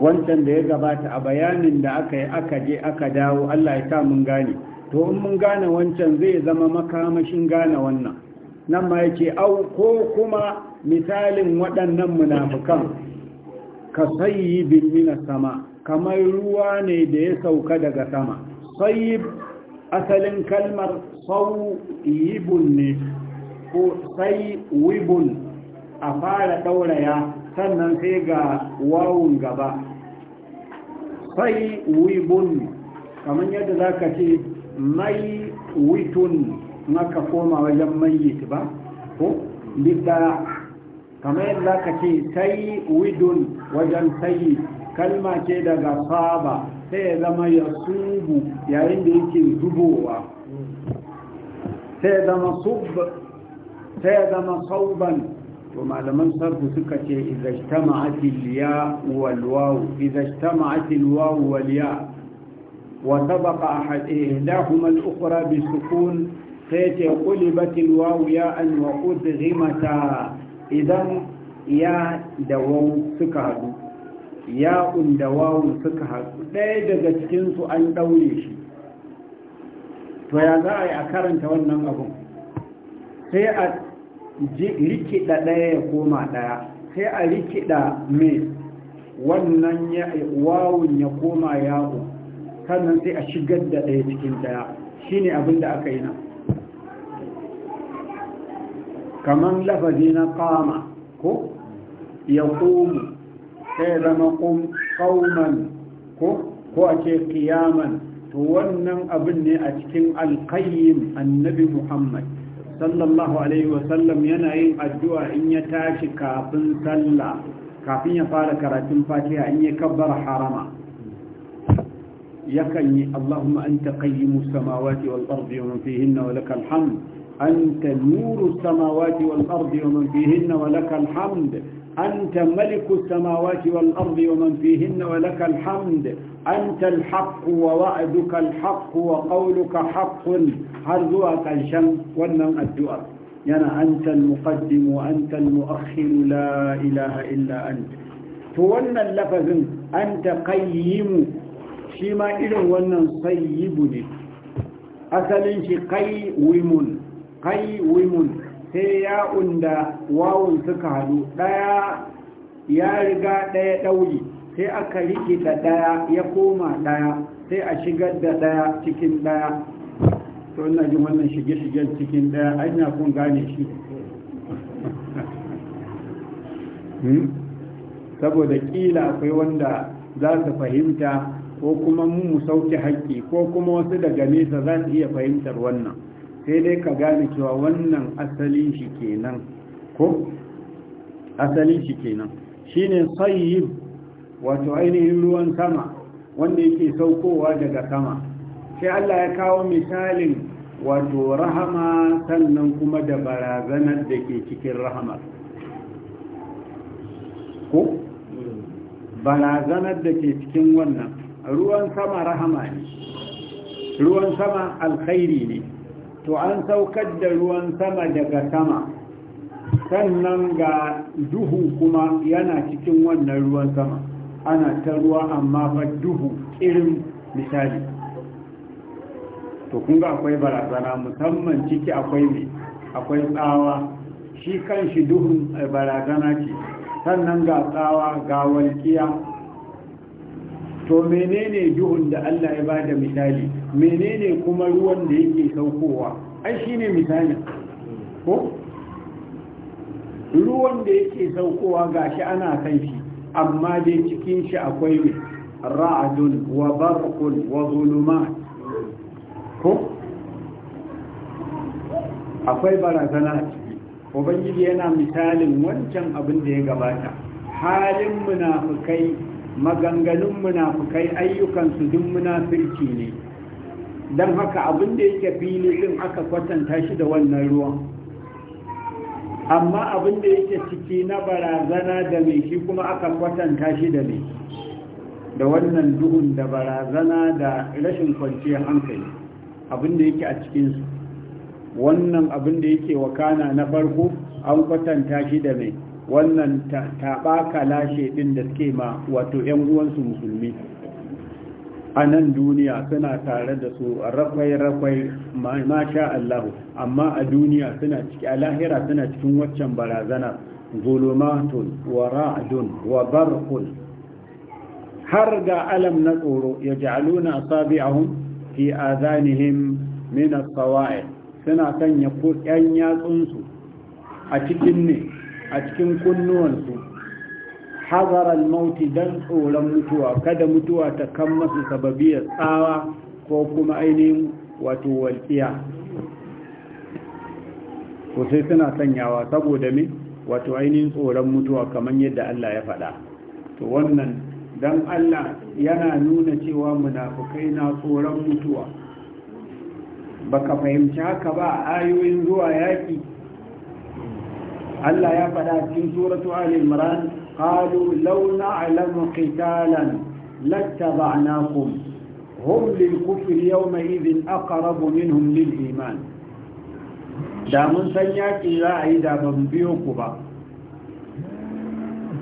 wancan da ya gabata a bayanin da aka yi aka je aka dawo allah ya mun gane to mun gane wancan zai zama makamashin gane wannan nan ma yake au ko kuma misalin waɗannan munafukan ka sayi mina sama kamar ruwa ne da ya sauka daga sama sayi asalin kalmar yibun ne ko sai wibun a fara ɗauraya sannan sai ga wawun gaba sai wibun kamar yadda za ka ce mai witun maka koma wajen mayyit ba ko bidda kamar yadza ka ce sai widun wajen sayi kalma ce daga saba sai ya zama ya subu yayin da yake zubowa sai ya zama sub sai ya zama sauban to malaman sarfu suka ce idza ijtama'atil ya wal waw idza ijtama'atil waw وسبق أحد إهداهما الأخرى بالسكون فيتي قلبت الواو ياء وأدغمتا إذن يا دواو سكهد ياء دواو سكهد لا يدغ تكنس أن دوليش فيا ذا أي أكرن تولنا أبو سيأت rikida ɗaya ya koma ɗaya sai a wannan ya wannan wawun ya koma yawo sannan sai a shigar da ɗaya cikin ɗaya shi ne abin da aka yi na kamar lafazi na kama ko ya ƙomu sai zama ƙauman ko ko a ce kiyaman to wannan abin ne a cikin alƙayyim annabi muhammad sallallahu alaihi wasallam yana yin addu'a in ya tashi kafin sallah kafin ya fara karatun fatiha in ya kabbar harama يكني اللهم أنت قيم السماوات والأرض ومن فيهن ولك الحمد أنت نور السماوات والأرض ومن فيهن ولك الحمد أنت ملك السماوات والأرض ومن فيهن ولك الحمد أنت الحق ووعدك الحق وقولك حق هرزوك الشم ونم الدؤر يعني أنت المقدم وأنت المؤخر لا إله إلا أنت فولنا اللفظ أنت قيم shi ma irin wannan sayyibu ne asalin shi kai wimun kai wimun sai ya unda wawun suka hadu ɗaya ya riga ɗaya dauri sai aka rikita ɗaya ya koma ɗaya sai a shigar da ɗaya cikin ɗaya to ina jin wannan shige-shigen cikin ɗaya a ina kun gane shi hmm? saboda ƙila akwai wanda za su fahimta ko kuma mu mu sauke haƙƙi ko kuma wasu daga nesa za su iya fahimtar wannan sai dai ka gane cewa wannan asalin shi kenan ko asalin shi kenan shine sayyib wato ainihin ruwan sama wanda yake saukowa daga sama sai Allah ya kawo misalin wato rahama sannan kuma da barazanar da ke cikin rahamar ko barazanar da ke cikin wannan ruwan sama rahama ne ruwan sama alkhairi ne to an saukar da ruwan sama daga sama sannan ga duhu kuma yana cikin wannan ruwan sama ana ta ruwa amma ba duhu irin misali to kun akwai barazana musamman ciki akwai ne akwai tsawa shi kan shi duhun eh, barazana ce sannan ga tsawa ga walƙiya to menene duhun da Allah ya bada misali menene kuma ruwan da yake saukowa ai shine misali ko ruwan da yake saukowa gashi ana san shi amma dai cikin shi akwai ne ra'dun wa barqun wa zulumat ko akwai barazana ciki ubangiji yana misalin wancan abin da ya gabata halin munafukai maganganun munafukai ayyukansu duk munafirci ne don haka abin da yake fili din aka kwatanta shi da wannan ruwan amma abin da yake ciki na barazana da mai shi kuma aka kwatanta shi da mai da wannan duhun da barazana da rashin kwanciyar hankali abin da yake a cikinsu wannan abin da yake wakana na farko an kwatanta shi da mai wannan taɓa lashe ɗin da suke ma wato 'yan uwansu musulmi a nan duniya suna tare da su rafai-rafai masha Allah amma a duniya suna ciki a lahira suna cikin waccan barazana zulumatun wa ra'adun wa barkun har ga alam na tsoro ya ja'aluna asabi'ahum fi a min minas kawai suna sanya ko 'yan yatsunsu a cikin ne a cikin kunnuwansu hazarar mauti don tsoron mutuwa kada mutuwa ta kan masu sababiyar tsawa ko kuma ainihin wato walƙiya ko sai suna sanyawa saboda me wato ainihin tsoron mutuwa kamar yadda Allah ya faɗa to wannan don Allah yana nuna cewa munafukai na tsoron mutuwa baka fahimci haka ba a ayoyin zuwa yaƙi Allah ya faɗa cikin suratu Ali Imran qalu law na'lamu qitalan lattaba'nakum hum lil kufri yawma idhin aqrabu minhum lil iman da mun san yaki za a yi da ban biyo ku ba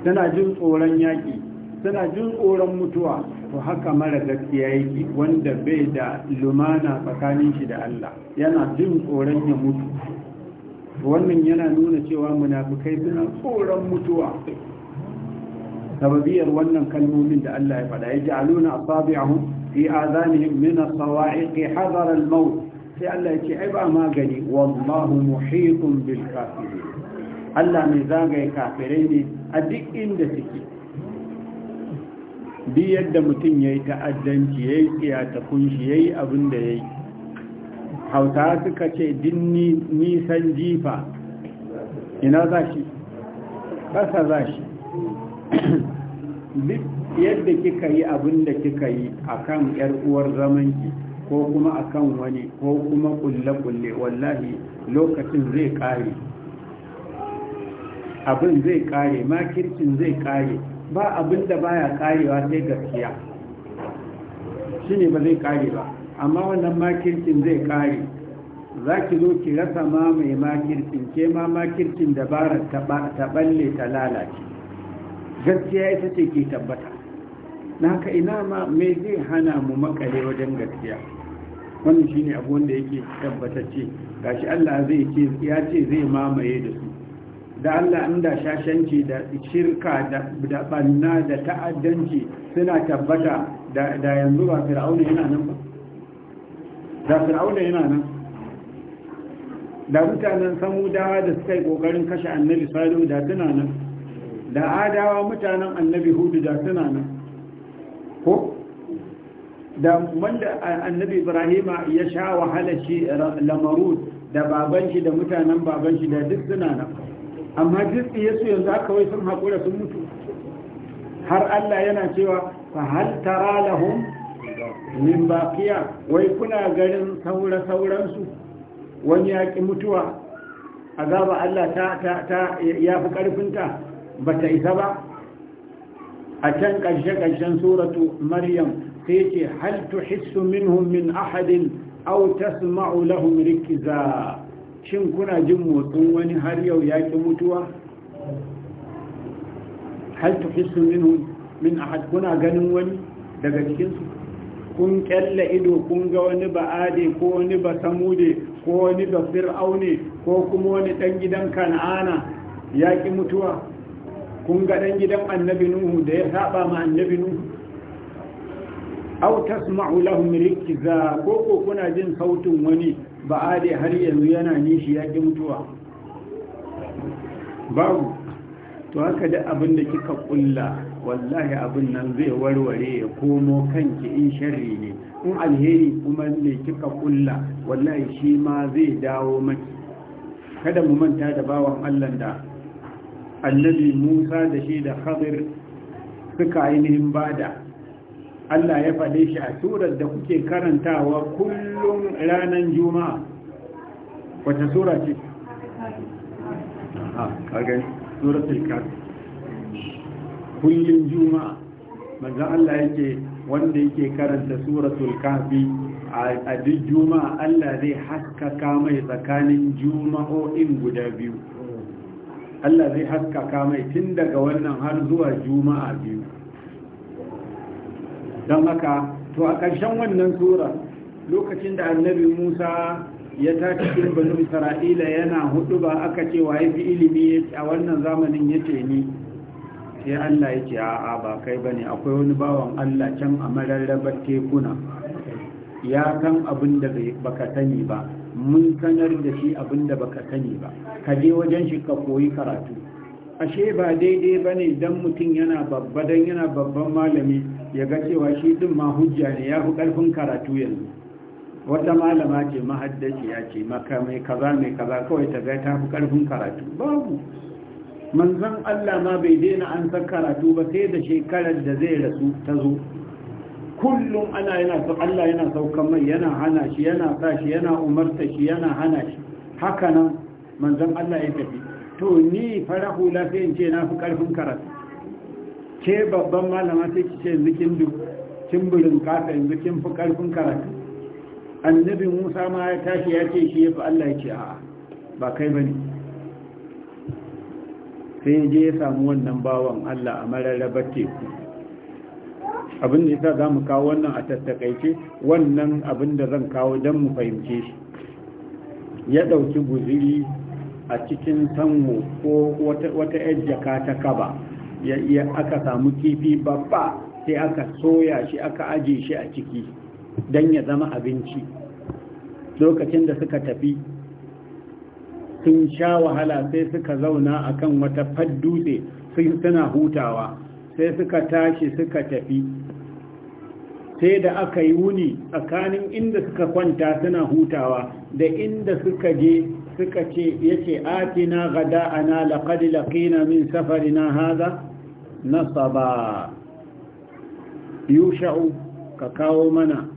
tana jin tsoron yaki tana jin tsoron mutuwa to haka mara gaskiya yake wanda bai da lumana tsakanin shi da Allah yana jin tsoron ya mutu wannan yana nuna cewa munafukai suna tsoron mutuwa sababiyar wannan kalmomin da Allah ya faɗa ya ji aluna asabi'ahum fi azanihim min as-sawa'iq hadara al-maut sai Allah ya ce ai ba magani wallahu muhitun bil kafirin Allah mai zagaye kafirai ne a duk inda suke duk yadda mutum yayi ta'addanci yayi tsiyata kunshi yayi abin da yayi hauta suka ce din nisan jifa ina za shi ƙasa za shi yadda kika yi abin da kika yi a kan uwar zamanki ko kuma akan wani ko kuma kulle-kulle wallahi lokacin zai ƙare abin zai ƙare makircin zai ƙare ba abin baya ƙarewa sai gaskiya shi ne ba zai ƙare ba amma wannan makircin zai kare za ki zo ki rasa ma mai makircin ke ma makircin dabarar ta balle ta lalace gaskiya ita ce ke tabbata haka ina ma me zai hana mu makale wajen gaskiya wannan ne abu wanda yake tabbatacce gashi Allah zai ce ya ce zai mamaye da su da Allah inda shashanci da shirka da banna da ta'addanci suna tabbata da yanzu ba fir'auna yana nan ba da fir'auna yana nan da mutanen samudawa da suka yi ƙoƙarin kashe annabi salihu da suna nan da adawa mutanen annabi hudu da suna nan ko da wanda annabi ibrahima ya sha wahala shi lamarut da baban shi da mutanen baban shi da duk suna nan amma duk yesu yanzu aka wai sun haƙura sun mutu har allah yana cewa fa hal tara lahum min bakiya wai kuna garin saura sauransu wani yaƙi ki mutuwa azaba Allah ta ta ta ya fi ƙarfinta ba ta isa ba a can ƙarshe ƙarshen suratu maryam sai ce hal tuhissu minhum min ahadin aw tasma'u lahum rikiza shin kuna jin motsin wani har yau ya mutuwa hal tuhissu minhum min ahad kuna ganin wani daga cikinsu kun kyalle ido kun ga wani ba'ade ko wani ba samude ko wani ba fir'aune ko kuma wani dan gidan kan'ana ya ki mutuwa kun ga dan gidan annabi nuhu da ya saba ma annabi nuhu aw tasma'u lahum rikza ko ko kuna jin sautin wani ba'ade har yanzu yana nishi ya ki mutuwa babu to haka da abin da kika ƙulla. wallahi abin nan zai warware ya komo kanki in sharri ne in alheri kuma ne kika kulla wallahi shi ma zai dawo maki kada mu manta da bawan Allah da annabi Musa da shi da Khadir suka ainihin bada Allah ya faɗe shi a surar da kuke karantawa kullum ranar juma'a wata sura ce? Ha, suratul kafir Kullin juma'a manzon Allah yake wanda yake karanta suratul kafi a duk juma'a Allah zai haskaka mai tsakanin juma'o'in guda biyu Allah zai haskaka mai tun daga wannan har zuwa juma'a biyu don haka to a ƙarshen wannan sura lokacin da annabi Musa ya tashi cikin banu Isra'ila yana hudu ba aka ce wa yafi ilimi a wannan zamanin yace ni sai Allah yake a'a ba kai ba ne akwai wani bawan Allah can a mararrabar tekuna ya kan abin da baka sani ba mun sanar da shi abin da baka sani ba ka je wajen shi ka koyi karatu ashe ba daidai ba ne don mutum yana babba don yana babban malami ya ga cewa shi din ma hujja ne ya fi karfin karatu yanzu wata malama ce mahaddaci ya ce maka kaza mai kaza kawai ta ga ta fi karfin karatu babu manzon Allah ma bai daina an san karatu ba sai da shekarar da zai rasu ta zo kullum ana yana so Allah yana saukan mai yana hana shi yana sa shi yana umarta shi yana hana shi haka nan manzan Allah ya tafi to ni farahu lafiyan ce na fi karfin karatu ke babban malama sai ki ce kin duk kin burin kasa yanzu kin fi karfin karatu annabi Musa ma ya tashi ya ce shi ya fi Allah ya ce a'a ba kai bane sai je ya samu wannan bawan Allah a mararrabar teku abin da yasa mu kawo wannan a tattakaice wannan abin da zan kawo don mu fahimce shi ya ɗauki guziri a cikin tango ko wata yar jaka ta kaba ya iya aka samu kifi babba sai aka soya shi aka aje shi a ciki don ya zama abinci lokacin da suka tafi sun sha wahala sai suka zauna akan wata faddutse sun suna hutawa sai suka tashi suka tafi sai da aka yi wuni tsakanin inda suka kwanta suna hutawa da inda suka je suka ce yace gada na laƙadi laƙina min safari na haza na nasaba yusha'u ka kawo mana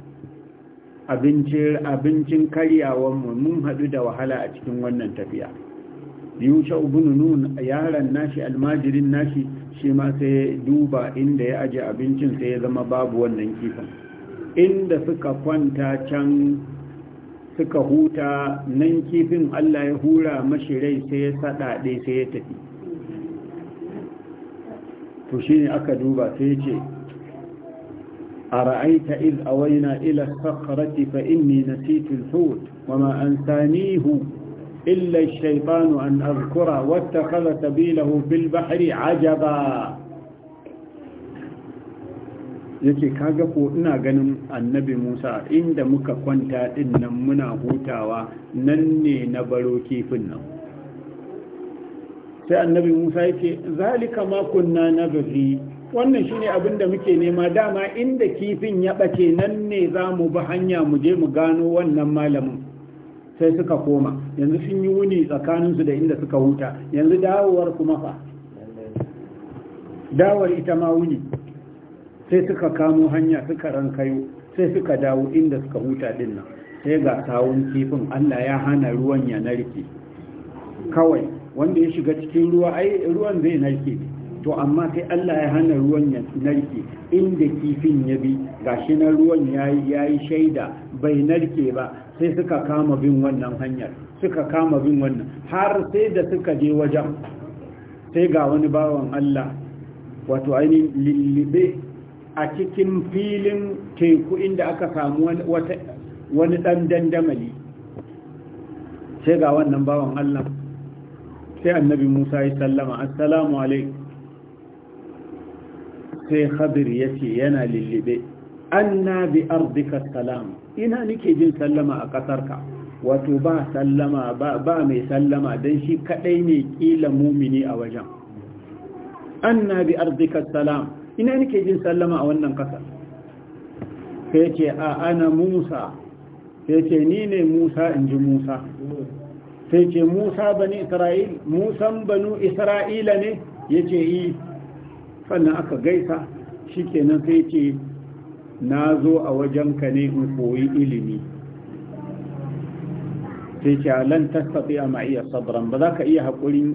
abincin karyawa mun haɗu da wahala a cikin wannan tafiya yusha ubunu nun yaron nashi almajirin nashi shi ma sai duba inda ya aje abincin sai ya zama babu wannan kifin inda suka kwanta can suka huta nan kifin Allah ya hura mashi rai sai ya saɗaɗe sai ya tafi to ne aka duba sai ce أرأيت إذ أوينا إلى الصخرة فإني نسيت الحوت وما أنسانيه إلا الشيطان أن أذكره واتخذ سبيله في البحر عجبا yake kaga ko ina ganin annabi Musa inda muka kwanta din nan muna hutawa nan ne na baro kifin nan sai annabi Musa yake zalika ma kunna nabghi wannan shine abin da muke nema dama inda kifin ya ɓace nan ne za mu bi hanya mu je mu gano wannan malamin sai suka koma yanzu sun yi wuni tsakaninsu da inda suka huta yanzu dawowar kuma fa dawowar ita ma wuni sai suka kamo hanya suka rankayo sai suka dawo inda suka huta dinnan, sai ga sawun kifin allah ya hana ruwan ya narke kawai wanda ya shiga cikin ruwa ai ruwan zai narke ne to amma sai Allah ya hana ruwan ya narke inda kifin ya bi gashi na ruwan ya yi shaida bai narke ba sai suka kama bin wannan hanyar suka kama bin wannan har sai da suka je wajen sai ga wani bawan Allah wato ainihin lillibe a cikin filin teku inda aka samu wani ɗan dandamali sai ga wannan bawan Allah sai annabi Musa ya sallama assalamu alaikum sai khadir yace yana lillibe anna bi ardika salam ina nike jin sallama a ƙasarka wato ba sallama ba mai sallama don shi kadai ne kila mumini a wajen anna bi ardika salam ina nike jin sallama a wannan ƙasar sai ce a ana musa sai ce ni ne musa in ji musa sai ce musa bani isra'il musan banu isra'ila ne ya ce yi eh. sannan aka gaisa shikenan sai ce na zo a wajenka ne in koyi ilimi sai ce lan tattaɓe a ma'iya sabran ba za ka iya haƙurin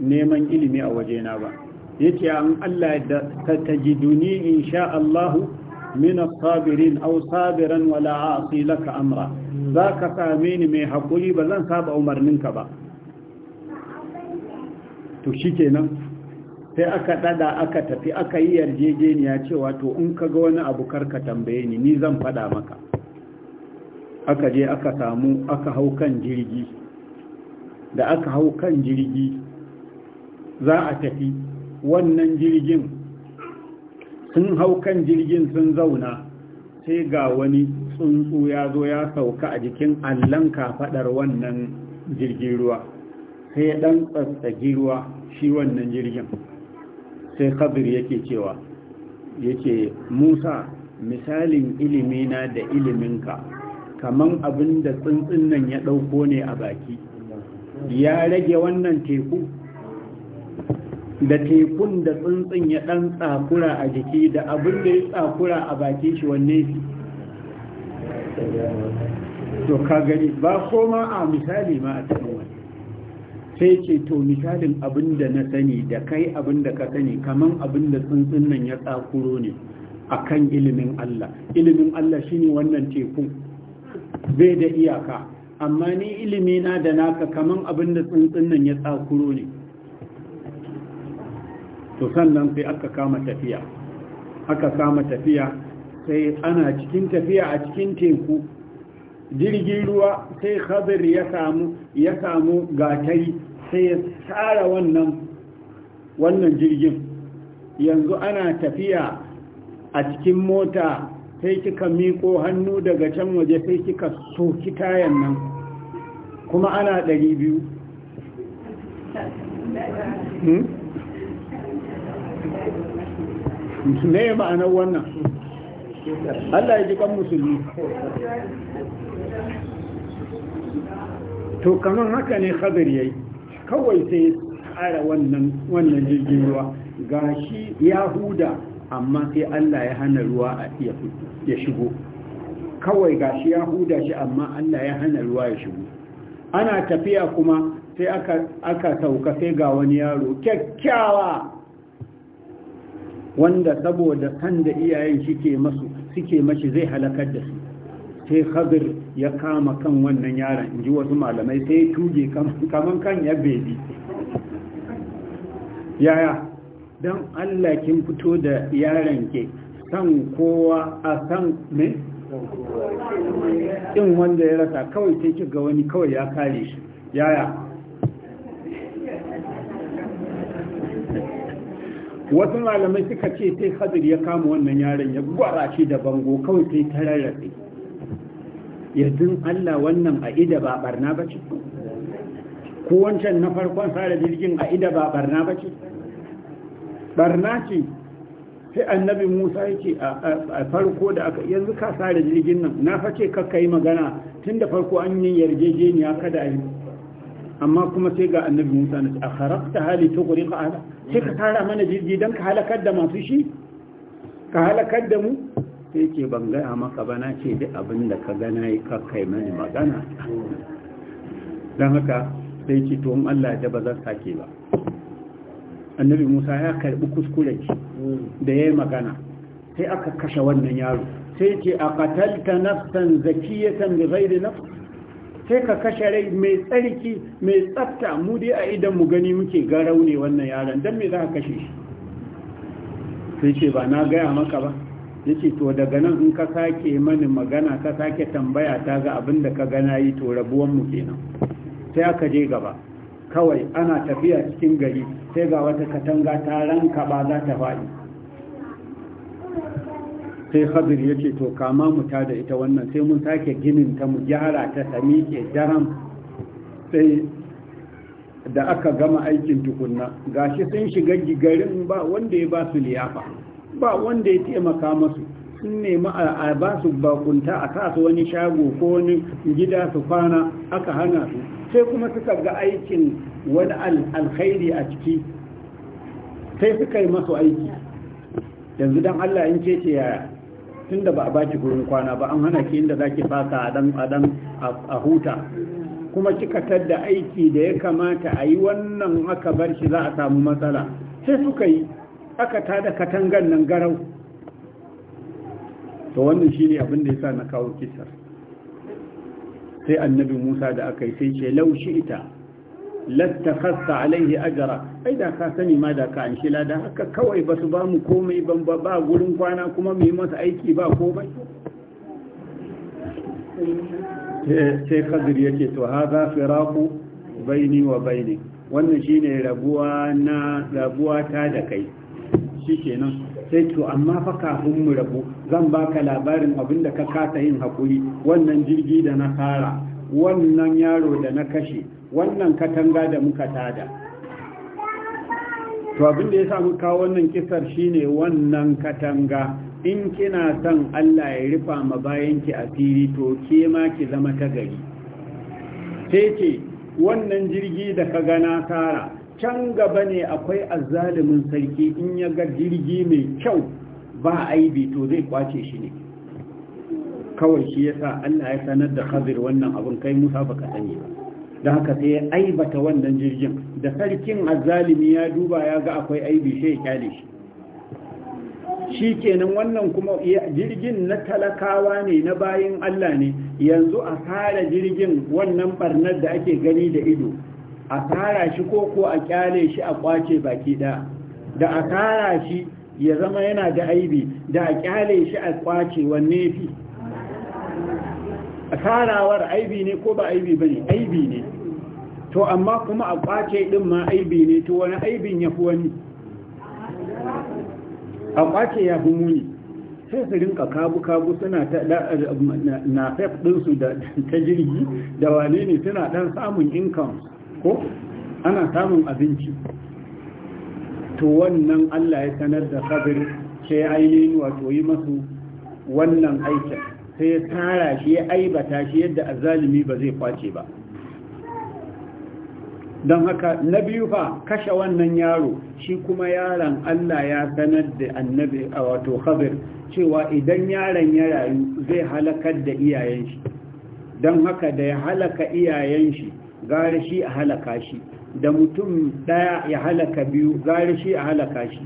neman ilimi a wajena ba ya ce an Allah da ta duni in sha Allahu mina sabirin au sabiran wala a ka amra za ka same ni mai haƙuri ba zan saba umarninka ba to shi sai aka ɗada aka tafi aka yi yarjejeniya cewa to in ka ga wani abu karka tambaye ni ni zan faɗa maka aka je aka samu aka hau kan jirgi da aka hau kan jirgi za a tafi wannan jirgin sun hau kan jirgin sun zauna sai ga wani tsuntsu ya zo ya sauka a jikin allon kafaɗar wannan jirgin ruwa sai ya ɗan tsatsagi ruwa shi wannan jirgin sai kabir yake cewa yake musa misalin ilimina da iliminka kaman abin da tsuntsun nan ya ɗauko ne a baki ya rage wannan teku da tekun da tsuntsun ya ɗan tsakura a jiki da abin da ya tsakura a baki shi wanne shi to ka ba koma a misali ma a cikin sai ce to misalin abin da na sani da kai abin da ka sani kaman abin da tsuntsun nan ya tsakuro ne a kan ilimin Allah ilimin Allah shine wannan teku bai da iyaka amma ni ilimi na da naka kaman abin da tsuntsun nan ya tsakuro ne to sannan sai aka kama tafiya aka kama tafiya sai ana cikin tafiya a cikin teku jirgin ruwa sai khadir ya samu ya samu gatari sai ya tsara wannan wannan jirgin yanzu ana tafiya a cikin mota sai kika miko hannu daga can waje sai kika soki tayan nan kuma ana ɗari biyu ne hmm? ma'anar wannan Allah ya ji kan musulmi to kamar haka ne khadir yayi kawai sai tsara wannan wannan jirgin ruwa gashi ya amma sai Allah ya hana ruwa a iya ya shigo kawai gashi ya shi amma Allah ya hana ruwa ya shigo ana tafiya kuma sai aka aka sauka sai ga wani yaro kyakkyawa wanda saboda sanda iyayen shi ke masu suke mashi zai halakar da su sai khadir ya kama kan wannan yaron in ji wasu malamai sai ya tuge kaman kan ya bebi yaya don allah kin fito da yaron ke san kowa a san me? in wanda ya rasa kawai sai kika wani kawai ya kare shi yaya wasu malamai suka ce sai hadir ya kama wannan yaron ya gwara shi da bango kawai sai ta rarrafe irzin Allah wannan a ida ba barna ba ce ko wancan na farkon sare jirgin a ida ba barna ba ce barna ce sai annabi musa yake a farko da aka yanzu ka sare jirgin nan na face kakka yi magana tun da farko an yi yarjejeniya kada yi amma kuma sai ga annabi musa na ce a harakta hali ta kuri ka ala sai ka tara mana jirgi don ka halakar da masu shi ka halakar da mu sai ce ban gaya maka ba na ce duk abin da ka gana yi kakai mani magana don haka sai ce to Allah da ba zan sake ba annabi musa ya karbi kuskure da ya yi magana sai aka kashe wannan yaro sai ce a katalta nafsan zakiyatan bi ghairi nafs sai ka kashe rai mai tsarki mai tsafta mu dai a idan mu gani muke garau ne wannan yaron don me za ka kashe shi sai ce ba na gaya maka ba ya ce to daga nan in ka sake mani magana ka sake tambaya ta ga abin da ka gana yi to rabuwar rabuwanmu kenan sai aka je gaba kawai ana tafiya cikin gari sai ga wata katanga ta ranka ba za ta faɗi sai khadir ya ce to kama mu ta da ita wannan sai mun sake ginin ta mu gyara ta ta miƙe daram sai da aka gama aikin tukunna gashi sun shiga garin ba wanda ya ba su liyafa ba wanda ya taimaka masu sun nemi a ba su bakunta a kasu wani shago ko wani gida su kwana aka hana su sai kuma suka ga aikin wani alkhairi a ciki sai suka yi masu aiki yanzu don allah in ce yaya tun da ba a baki gurin kwana ba an hana ki inda za ki fasa a dan a huta kuma kika tadda aiki da ya kamata a yi wannan aka bar shi za a samu matsala sai suka yi aka ta da katangan nan garau to wannan shine abin da yasa na kawo kisar sai annabi Musa da aka yi sai ce ita. latta lattakhasta alaihi ajra ai da ka sani ma da ka an shila da haka kawai basu ba mu komai ban ba gurin kwana kuma mu yi masa aiki ba komai sai khadir yake to hadha firaqu baini wa baini wannan shine rabuwa na rabuwa ta da kai kenan sai to amma fa kafin mu rabu zan baka labarin abin da ka kasa yin hakuri wannan jirgi da na fara wannan yaro da na kashe wannan katanga da muka tada to abin da ya muka kawo wannan kisar shine wannan katanga in kina son Allah ya rufa ma bayanki asiri to ke ma ki zama ta gari sai ce wannan jirgi da ka gana tara can gaba ne akwai azalimin sarki in ya ga jirgi mai kyau ba aibi to zai kwace shi ne kawai shi yasa Allah ya sanar da Khadir wannan abin kai Musa baka sani ba dan haka sai ya aibata wannan jirgin da sarkin azalimi ya duba ya ga akwai aibi sai ya kyale shi shi kenan wannan kuma jirgin na talakawa ne na bayin Allah ne yanzu a fara jirgin wannan barnar da ake gani da ido a tara shi ko ko a kyale shi a kwace baki ɗaya da a tara shi ya zama yana da aibi da a kyale shi a kwace wanne fi a tarawar aibi ne ko ba aibi ba ne aibi ne to amma kuma a kwace ɗin ma aibi ne to wani aibin ya fi wani a kwace ya fi muni sai su rinka kabu-kabu suna na fef ɗinsu da ta jirgi da wane ne suna ɗan samun income ko ana samun abinci to wannan Allah ya sanar da Kabir sai ainihin wato yi masu wannan aikin sai ya tara shi ya aibata shi yadda azalimi ba zai kwace ba don haka na biyu fa kashe wannan yaro shi kuma yaron Allah ya sanar da annabi a wato khabir cewa idan yaron ya rayu zai halakar da iyayen shi don haka da ya halaka iyayen shi gare shi a halaka shi da mutum daya ya halaka biyu gare shi a halaka shi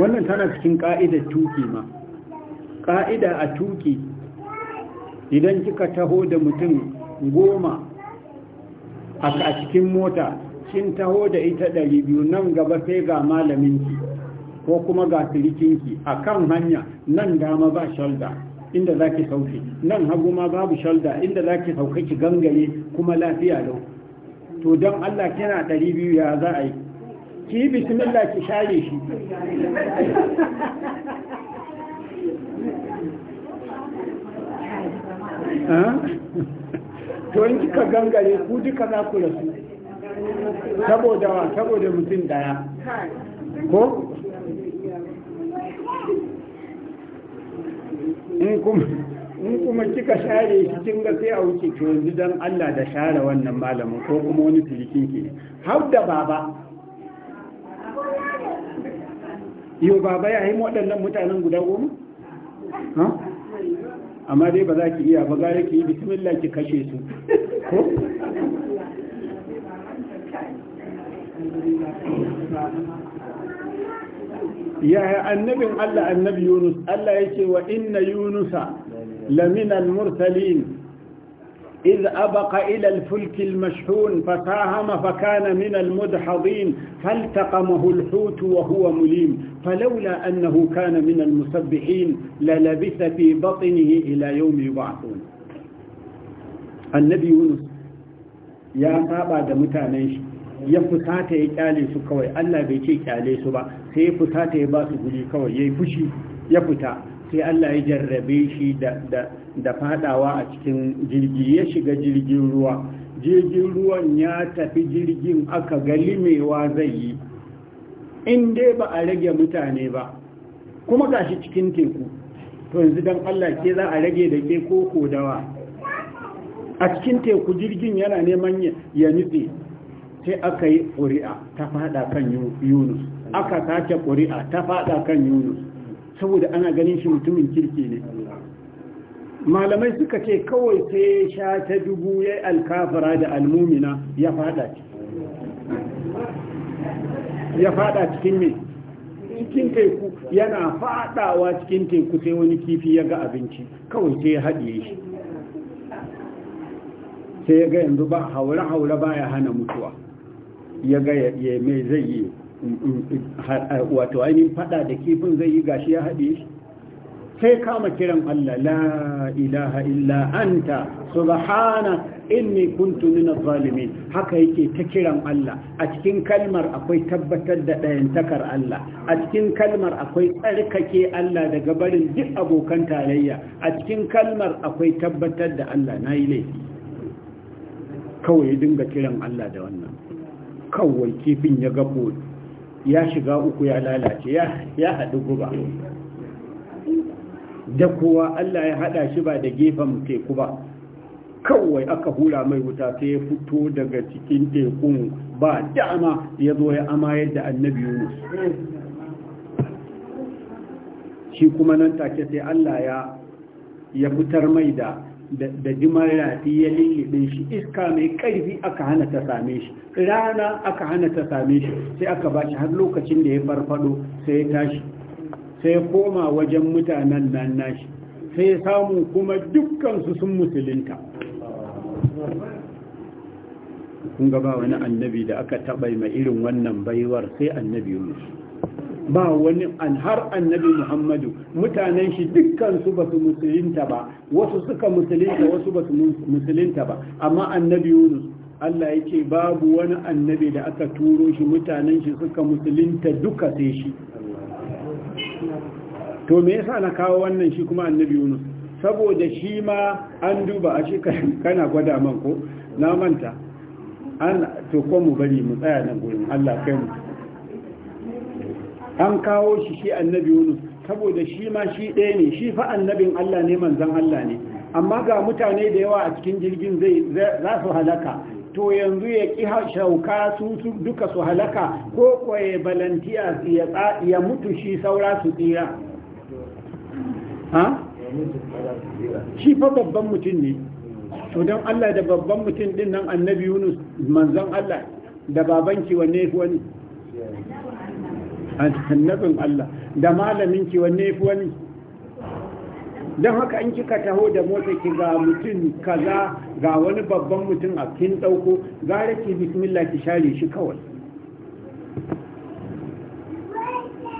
wannan tana cikin ka'idar tuki ma ka'ida a tuki idan kika taho da mutum goma a cikin mota kin taho da ita ɗari biyu nan gaba sai ga malaminki ko kuma ga sirikinki a kan hanya nan dama ba shalda inda za ki sauke nan hagu ma babu shalda inda za ki ki gangare kuma lafiya lau to don allah kina ɗari biyu ya za a yi ki yi bismillah ki share shi to in kika gangare ku duka za ku rasu saboda wa saboda mutum daya ko in kuma kika share shi kin ga sai a wuce to yanzu dan Allah da share wannan malamin ko kuma wani filikin ki har da baba yo baba ya yi waɗannan mutanen guda goma amma dai ba za ki iya ba gare ki yi bismillah ki kashe su ko يا النبي قال النبي يونس قال له وإن يونس لمن المرسلين إذ أبق إلى الفلك المشحون فساهم فكان من المدحضين فالتقمه الحوت وهو مليم فلولا أنه كان من المسبحين للبث في بطنه إلى يوم يبعثون النبي يونس يا صابا دمتانيش متانيش ya fusata ya kyale su kawai Allah sai ya fita ta ya ba su guri kawai ya yi fushi ya fita sai Allah ya jarrabe shi da fadawa a cikin jirgi ya shiga jirgin ruwa jirgin ruwan ya tafi jirgin aka ga limewa zai yi in dai ba a rage mutane ba kuma shi cikin teku to yanzu don Allah ke za a rage da ke koko dawa a cikin teku jirgin yana neman ya nutse sai aka yi ƙuri'a ta fada kan yunus aka sake ƙuri'a ta faɗa kan yunus saboda ana ganin shi mutumin kirki ne malamai suka ce kawai sai sha ta dubu ya yi alkafara da almumina ya faɗa cikin mai cikin teku yana faɗawa cikin teku sai wani kifi ya ga abinci kawai sai ya haɗiye shi sai ya ga yanzu ba haure-haure ba ya hana mutuwa ya ga ya mai zai yi wato ainihin fada da kifin zai yi gashi ya haɗe shi sai kama kiran Allah la ilaha illa anta subhana inni kuntu min zalimin haka yake ta kiran Allah a cikin kalmar akwai tabbatar da ɗayantakar Allah a cikin kalmar akwai tsarkake Allah daga barin duk abokan tarayya a cikin kalmar akwai tabbatar da Allah nayi laifi kawai dinga kiran Allah da wannan kawai kifin ya gabo ya shiga uku ya lalace ya haɗu guba da kowa Allah ya haɗa shi ba da gefen teku ba kawai aka hula mai wuta sai ya fito daga cikin tekun ba dama ya zo ya amayar da annabi yunus shi kuma nan take sai Allah ya ya fitar mai da da jimar rafi ya lullube shi iska mai karfi aka hana ta same shi rana aka hana ta same shi sai aka ba shi har lokacin da ya farfado sai ya tashi sai ya koma wajen mutanen nan nashi sai ya samu kuma dukkansu sun musulunta kun gaba wani annabi da aka taɓa mai irin wannan baiwar sai annabi yunus ba wani an har annabi muhammadu mutanen shi dukkansu ba su musulinta ba wasu suka musulinta wasu ba su musulinta ba amma annabi yunus allah ya ce babu wani annabi da aka turo shi mutanen shi suka musulinta duka sai shi to me yasa na kawo wannan shi kuma annabi yunus saboda shi ma an duba a shi kana gwada man ko na manta an to ko mu bari mu tsaya nan gurin allah kai mu an kawo shi shi annabi yunus saboda shi ma shi ɗaya ne shi fa annabin allah ne manzan allah ne amma ga mutane da yawa a cikin jirgin zai za su halaka to yanzu ya ƙi shauka su duka su halaka ko kwaye balantiya ya mutu shi saura su tsira shi fa babban mutum ne to don allah da babban mutum din nan annabi yunus manzan allah da babanki wanne wani annabin Allah da malamin ki wanne fi wani don haka an kika taho da motsa ki ga mutum kaza ga wani babban mutum a kin dauko gara ki bismillah ki share shi kawai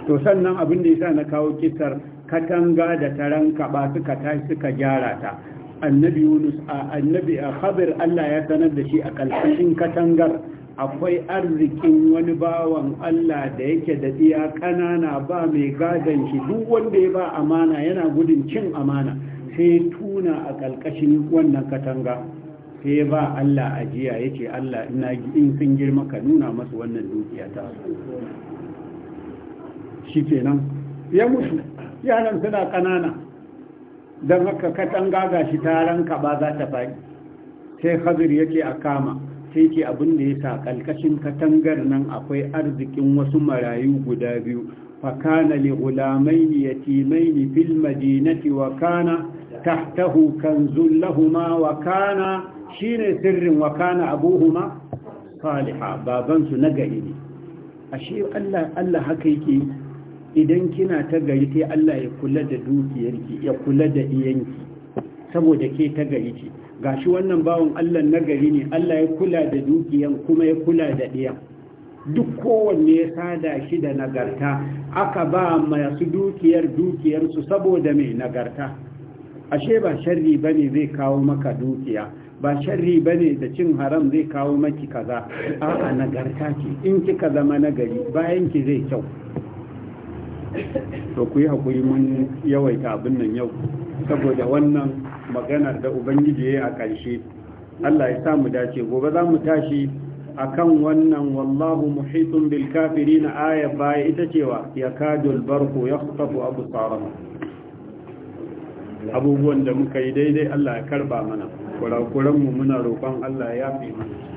to sannan abin da yasa na kawo kisar katanga da taran ba suka tashi suka gyara ta annabi yunus a annabi a Allah ya sanar da shi a kalkashin katangar akwai arzikin wani bawan Allah da yake da iya kanana ba mai gadon shi duk wanda ya ba amana yana gudun cin amana sai tuna a ƙalƙashin wannan katanga sai ba Allah ajiya yake Allah ina in sun girma ka nuna masu wannan dukiya ta shi kenan ya mutu yaran suna kanana don haka katanga shi taron ka ba za ta fari. sai hazir yake a kama sai ce abin da ya sa ƙalƙashin katangar nan akwai arzikin wasu marayu guda biyu fakana li gulamaini yatimaini fil madinati wa kana tahtahu kanzun lahuma wa kana shine sirrin wa kana abuhuma saliha baban su na gari ne ashe Allah Allah haka yake idan kina ta gari sai Allah ya kula da dukiyarki ya kula da iyanki saboda ke ta gari ce Ga shi wannan bawan Allah na gari ne Allah ya kula da dukiyan kuma ya kula da ɗiyan duk kowanne ya sada shi da nagarta aka ba masu dukiyar dukiyarsu saboda mai nagarta ashe ba sharri ne zai kawo maka dukiya ba sharri ne da cin haram zai kawo maki kaza a'a nagarta ce in kika zama nagari bayan ki zai kyau to ku yi haƙuri mun yawaita abin nan yau saboda wannan maganar da ubangiji ya yi a ƙarshe allah ya sa mu dace gobe za mu tashi a kan wannan wallahu muhitun bil na aya baya ita cewa ya barku ya abu tsarama abubuwan da muka yi daidai Allah ya karba mana kurakuranmu muna roƙon Allah ya fi mana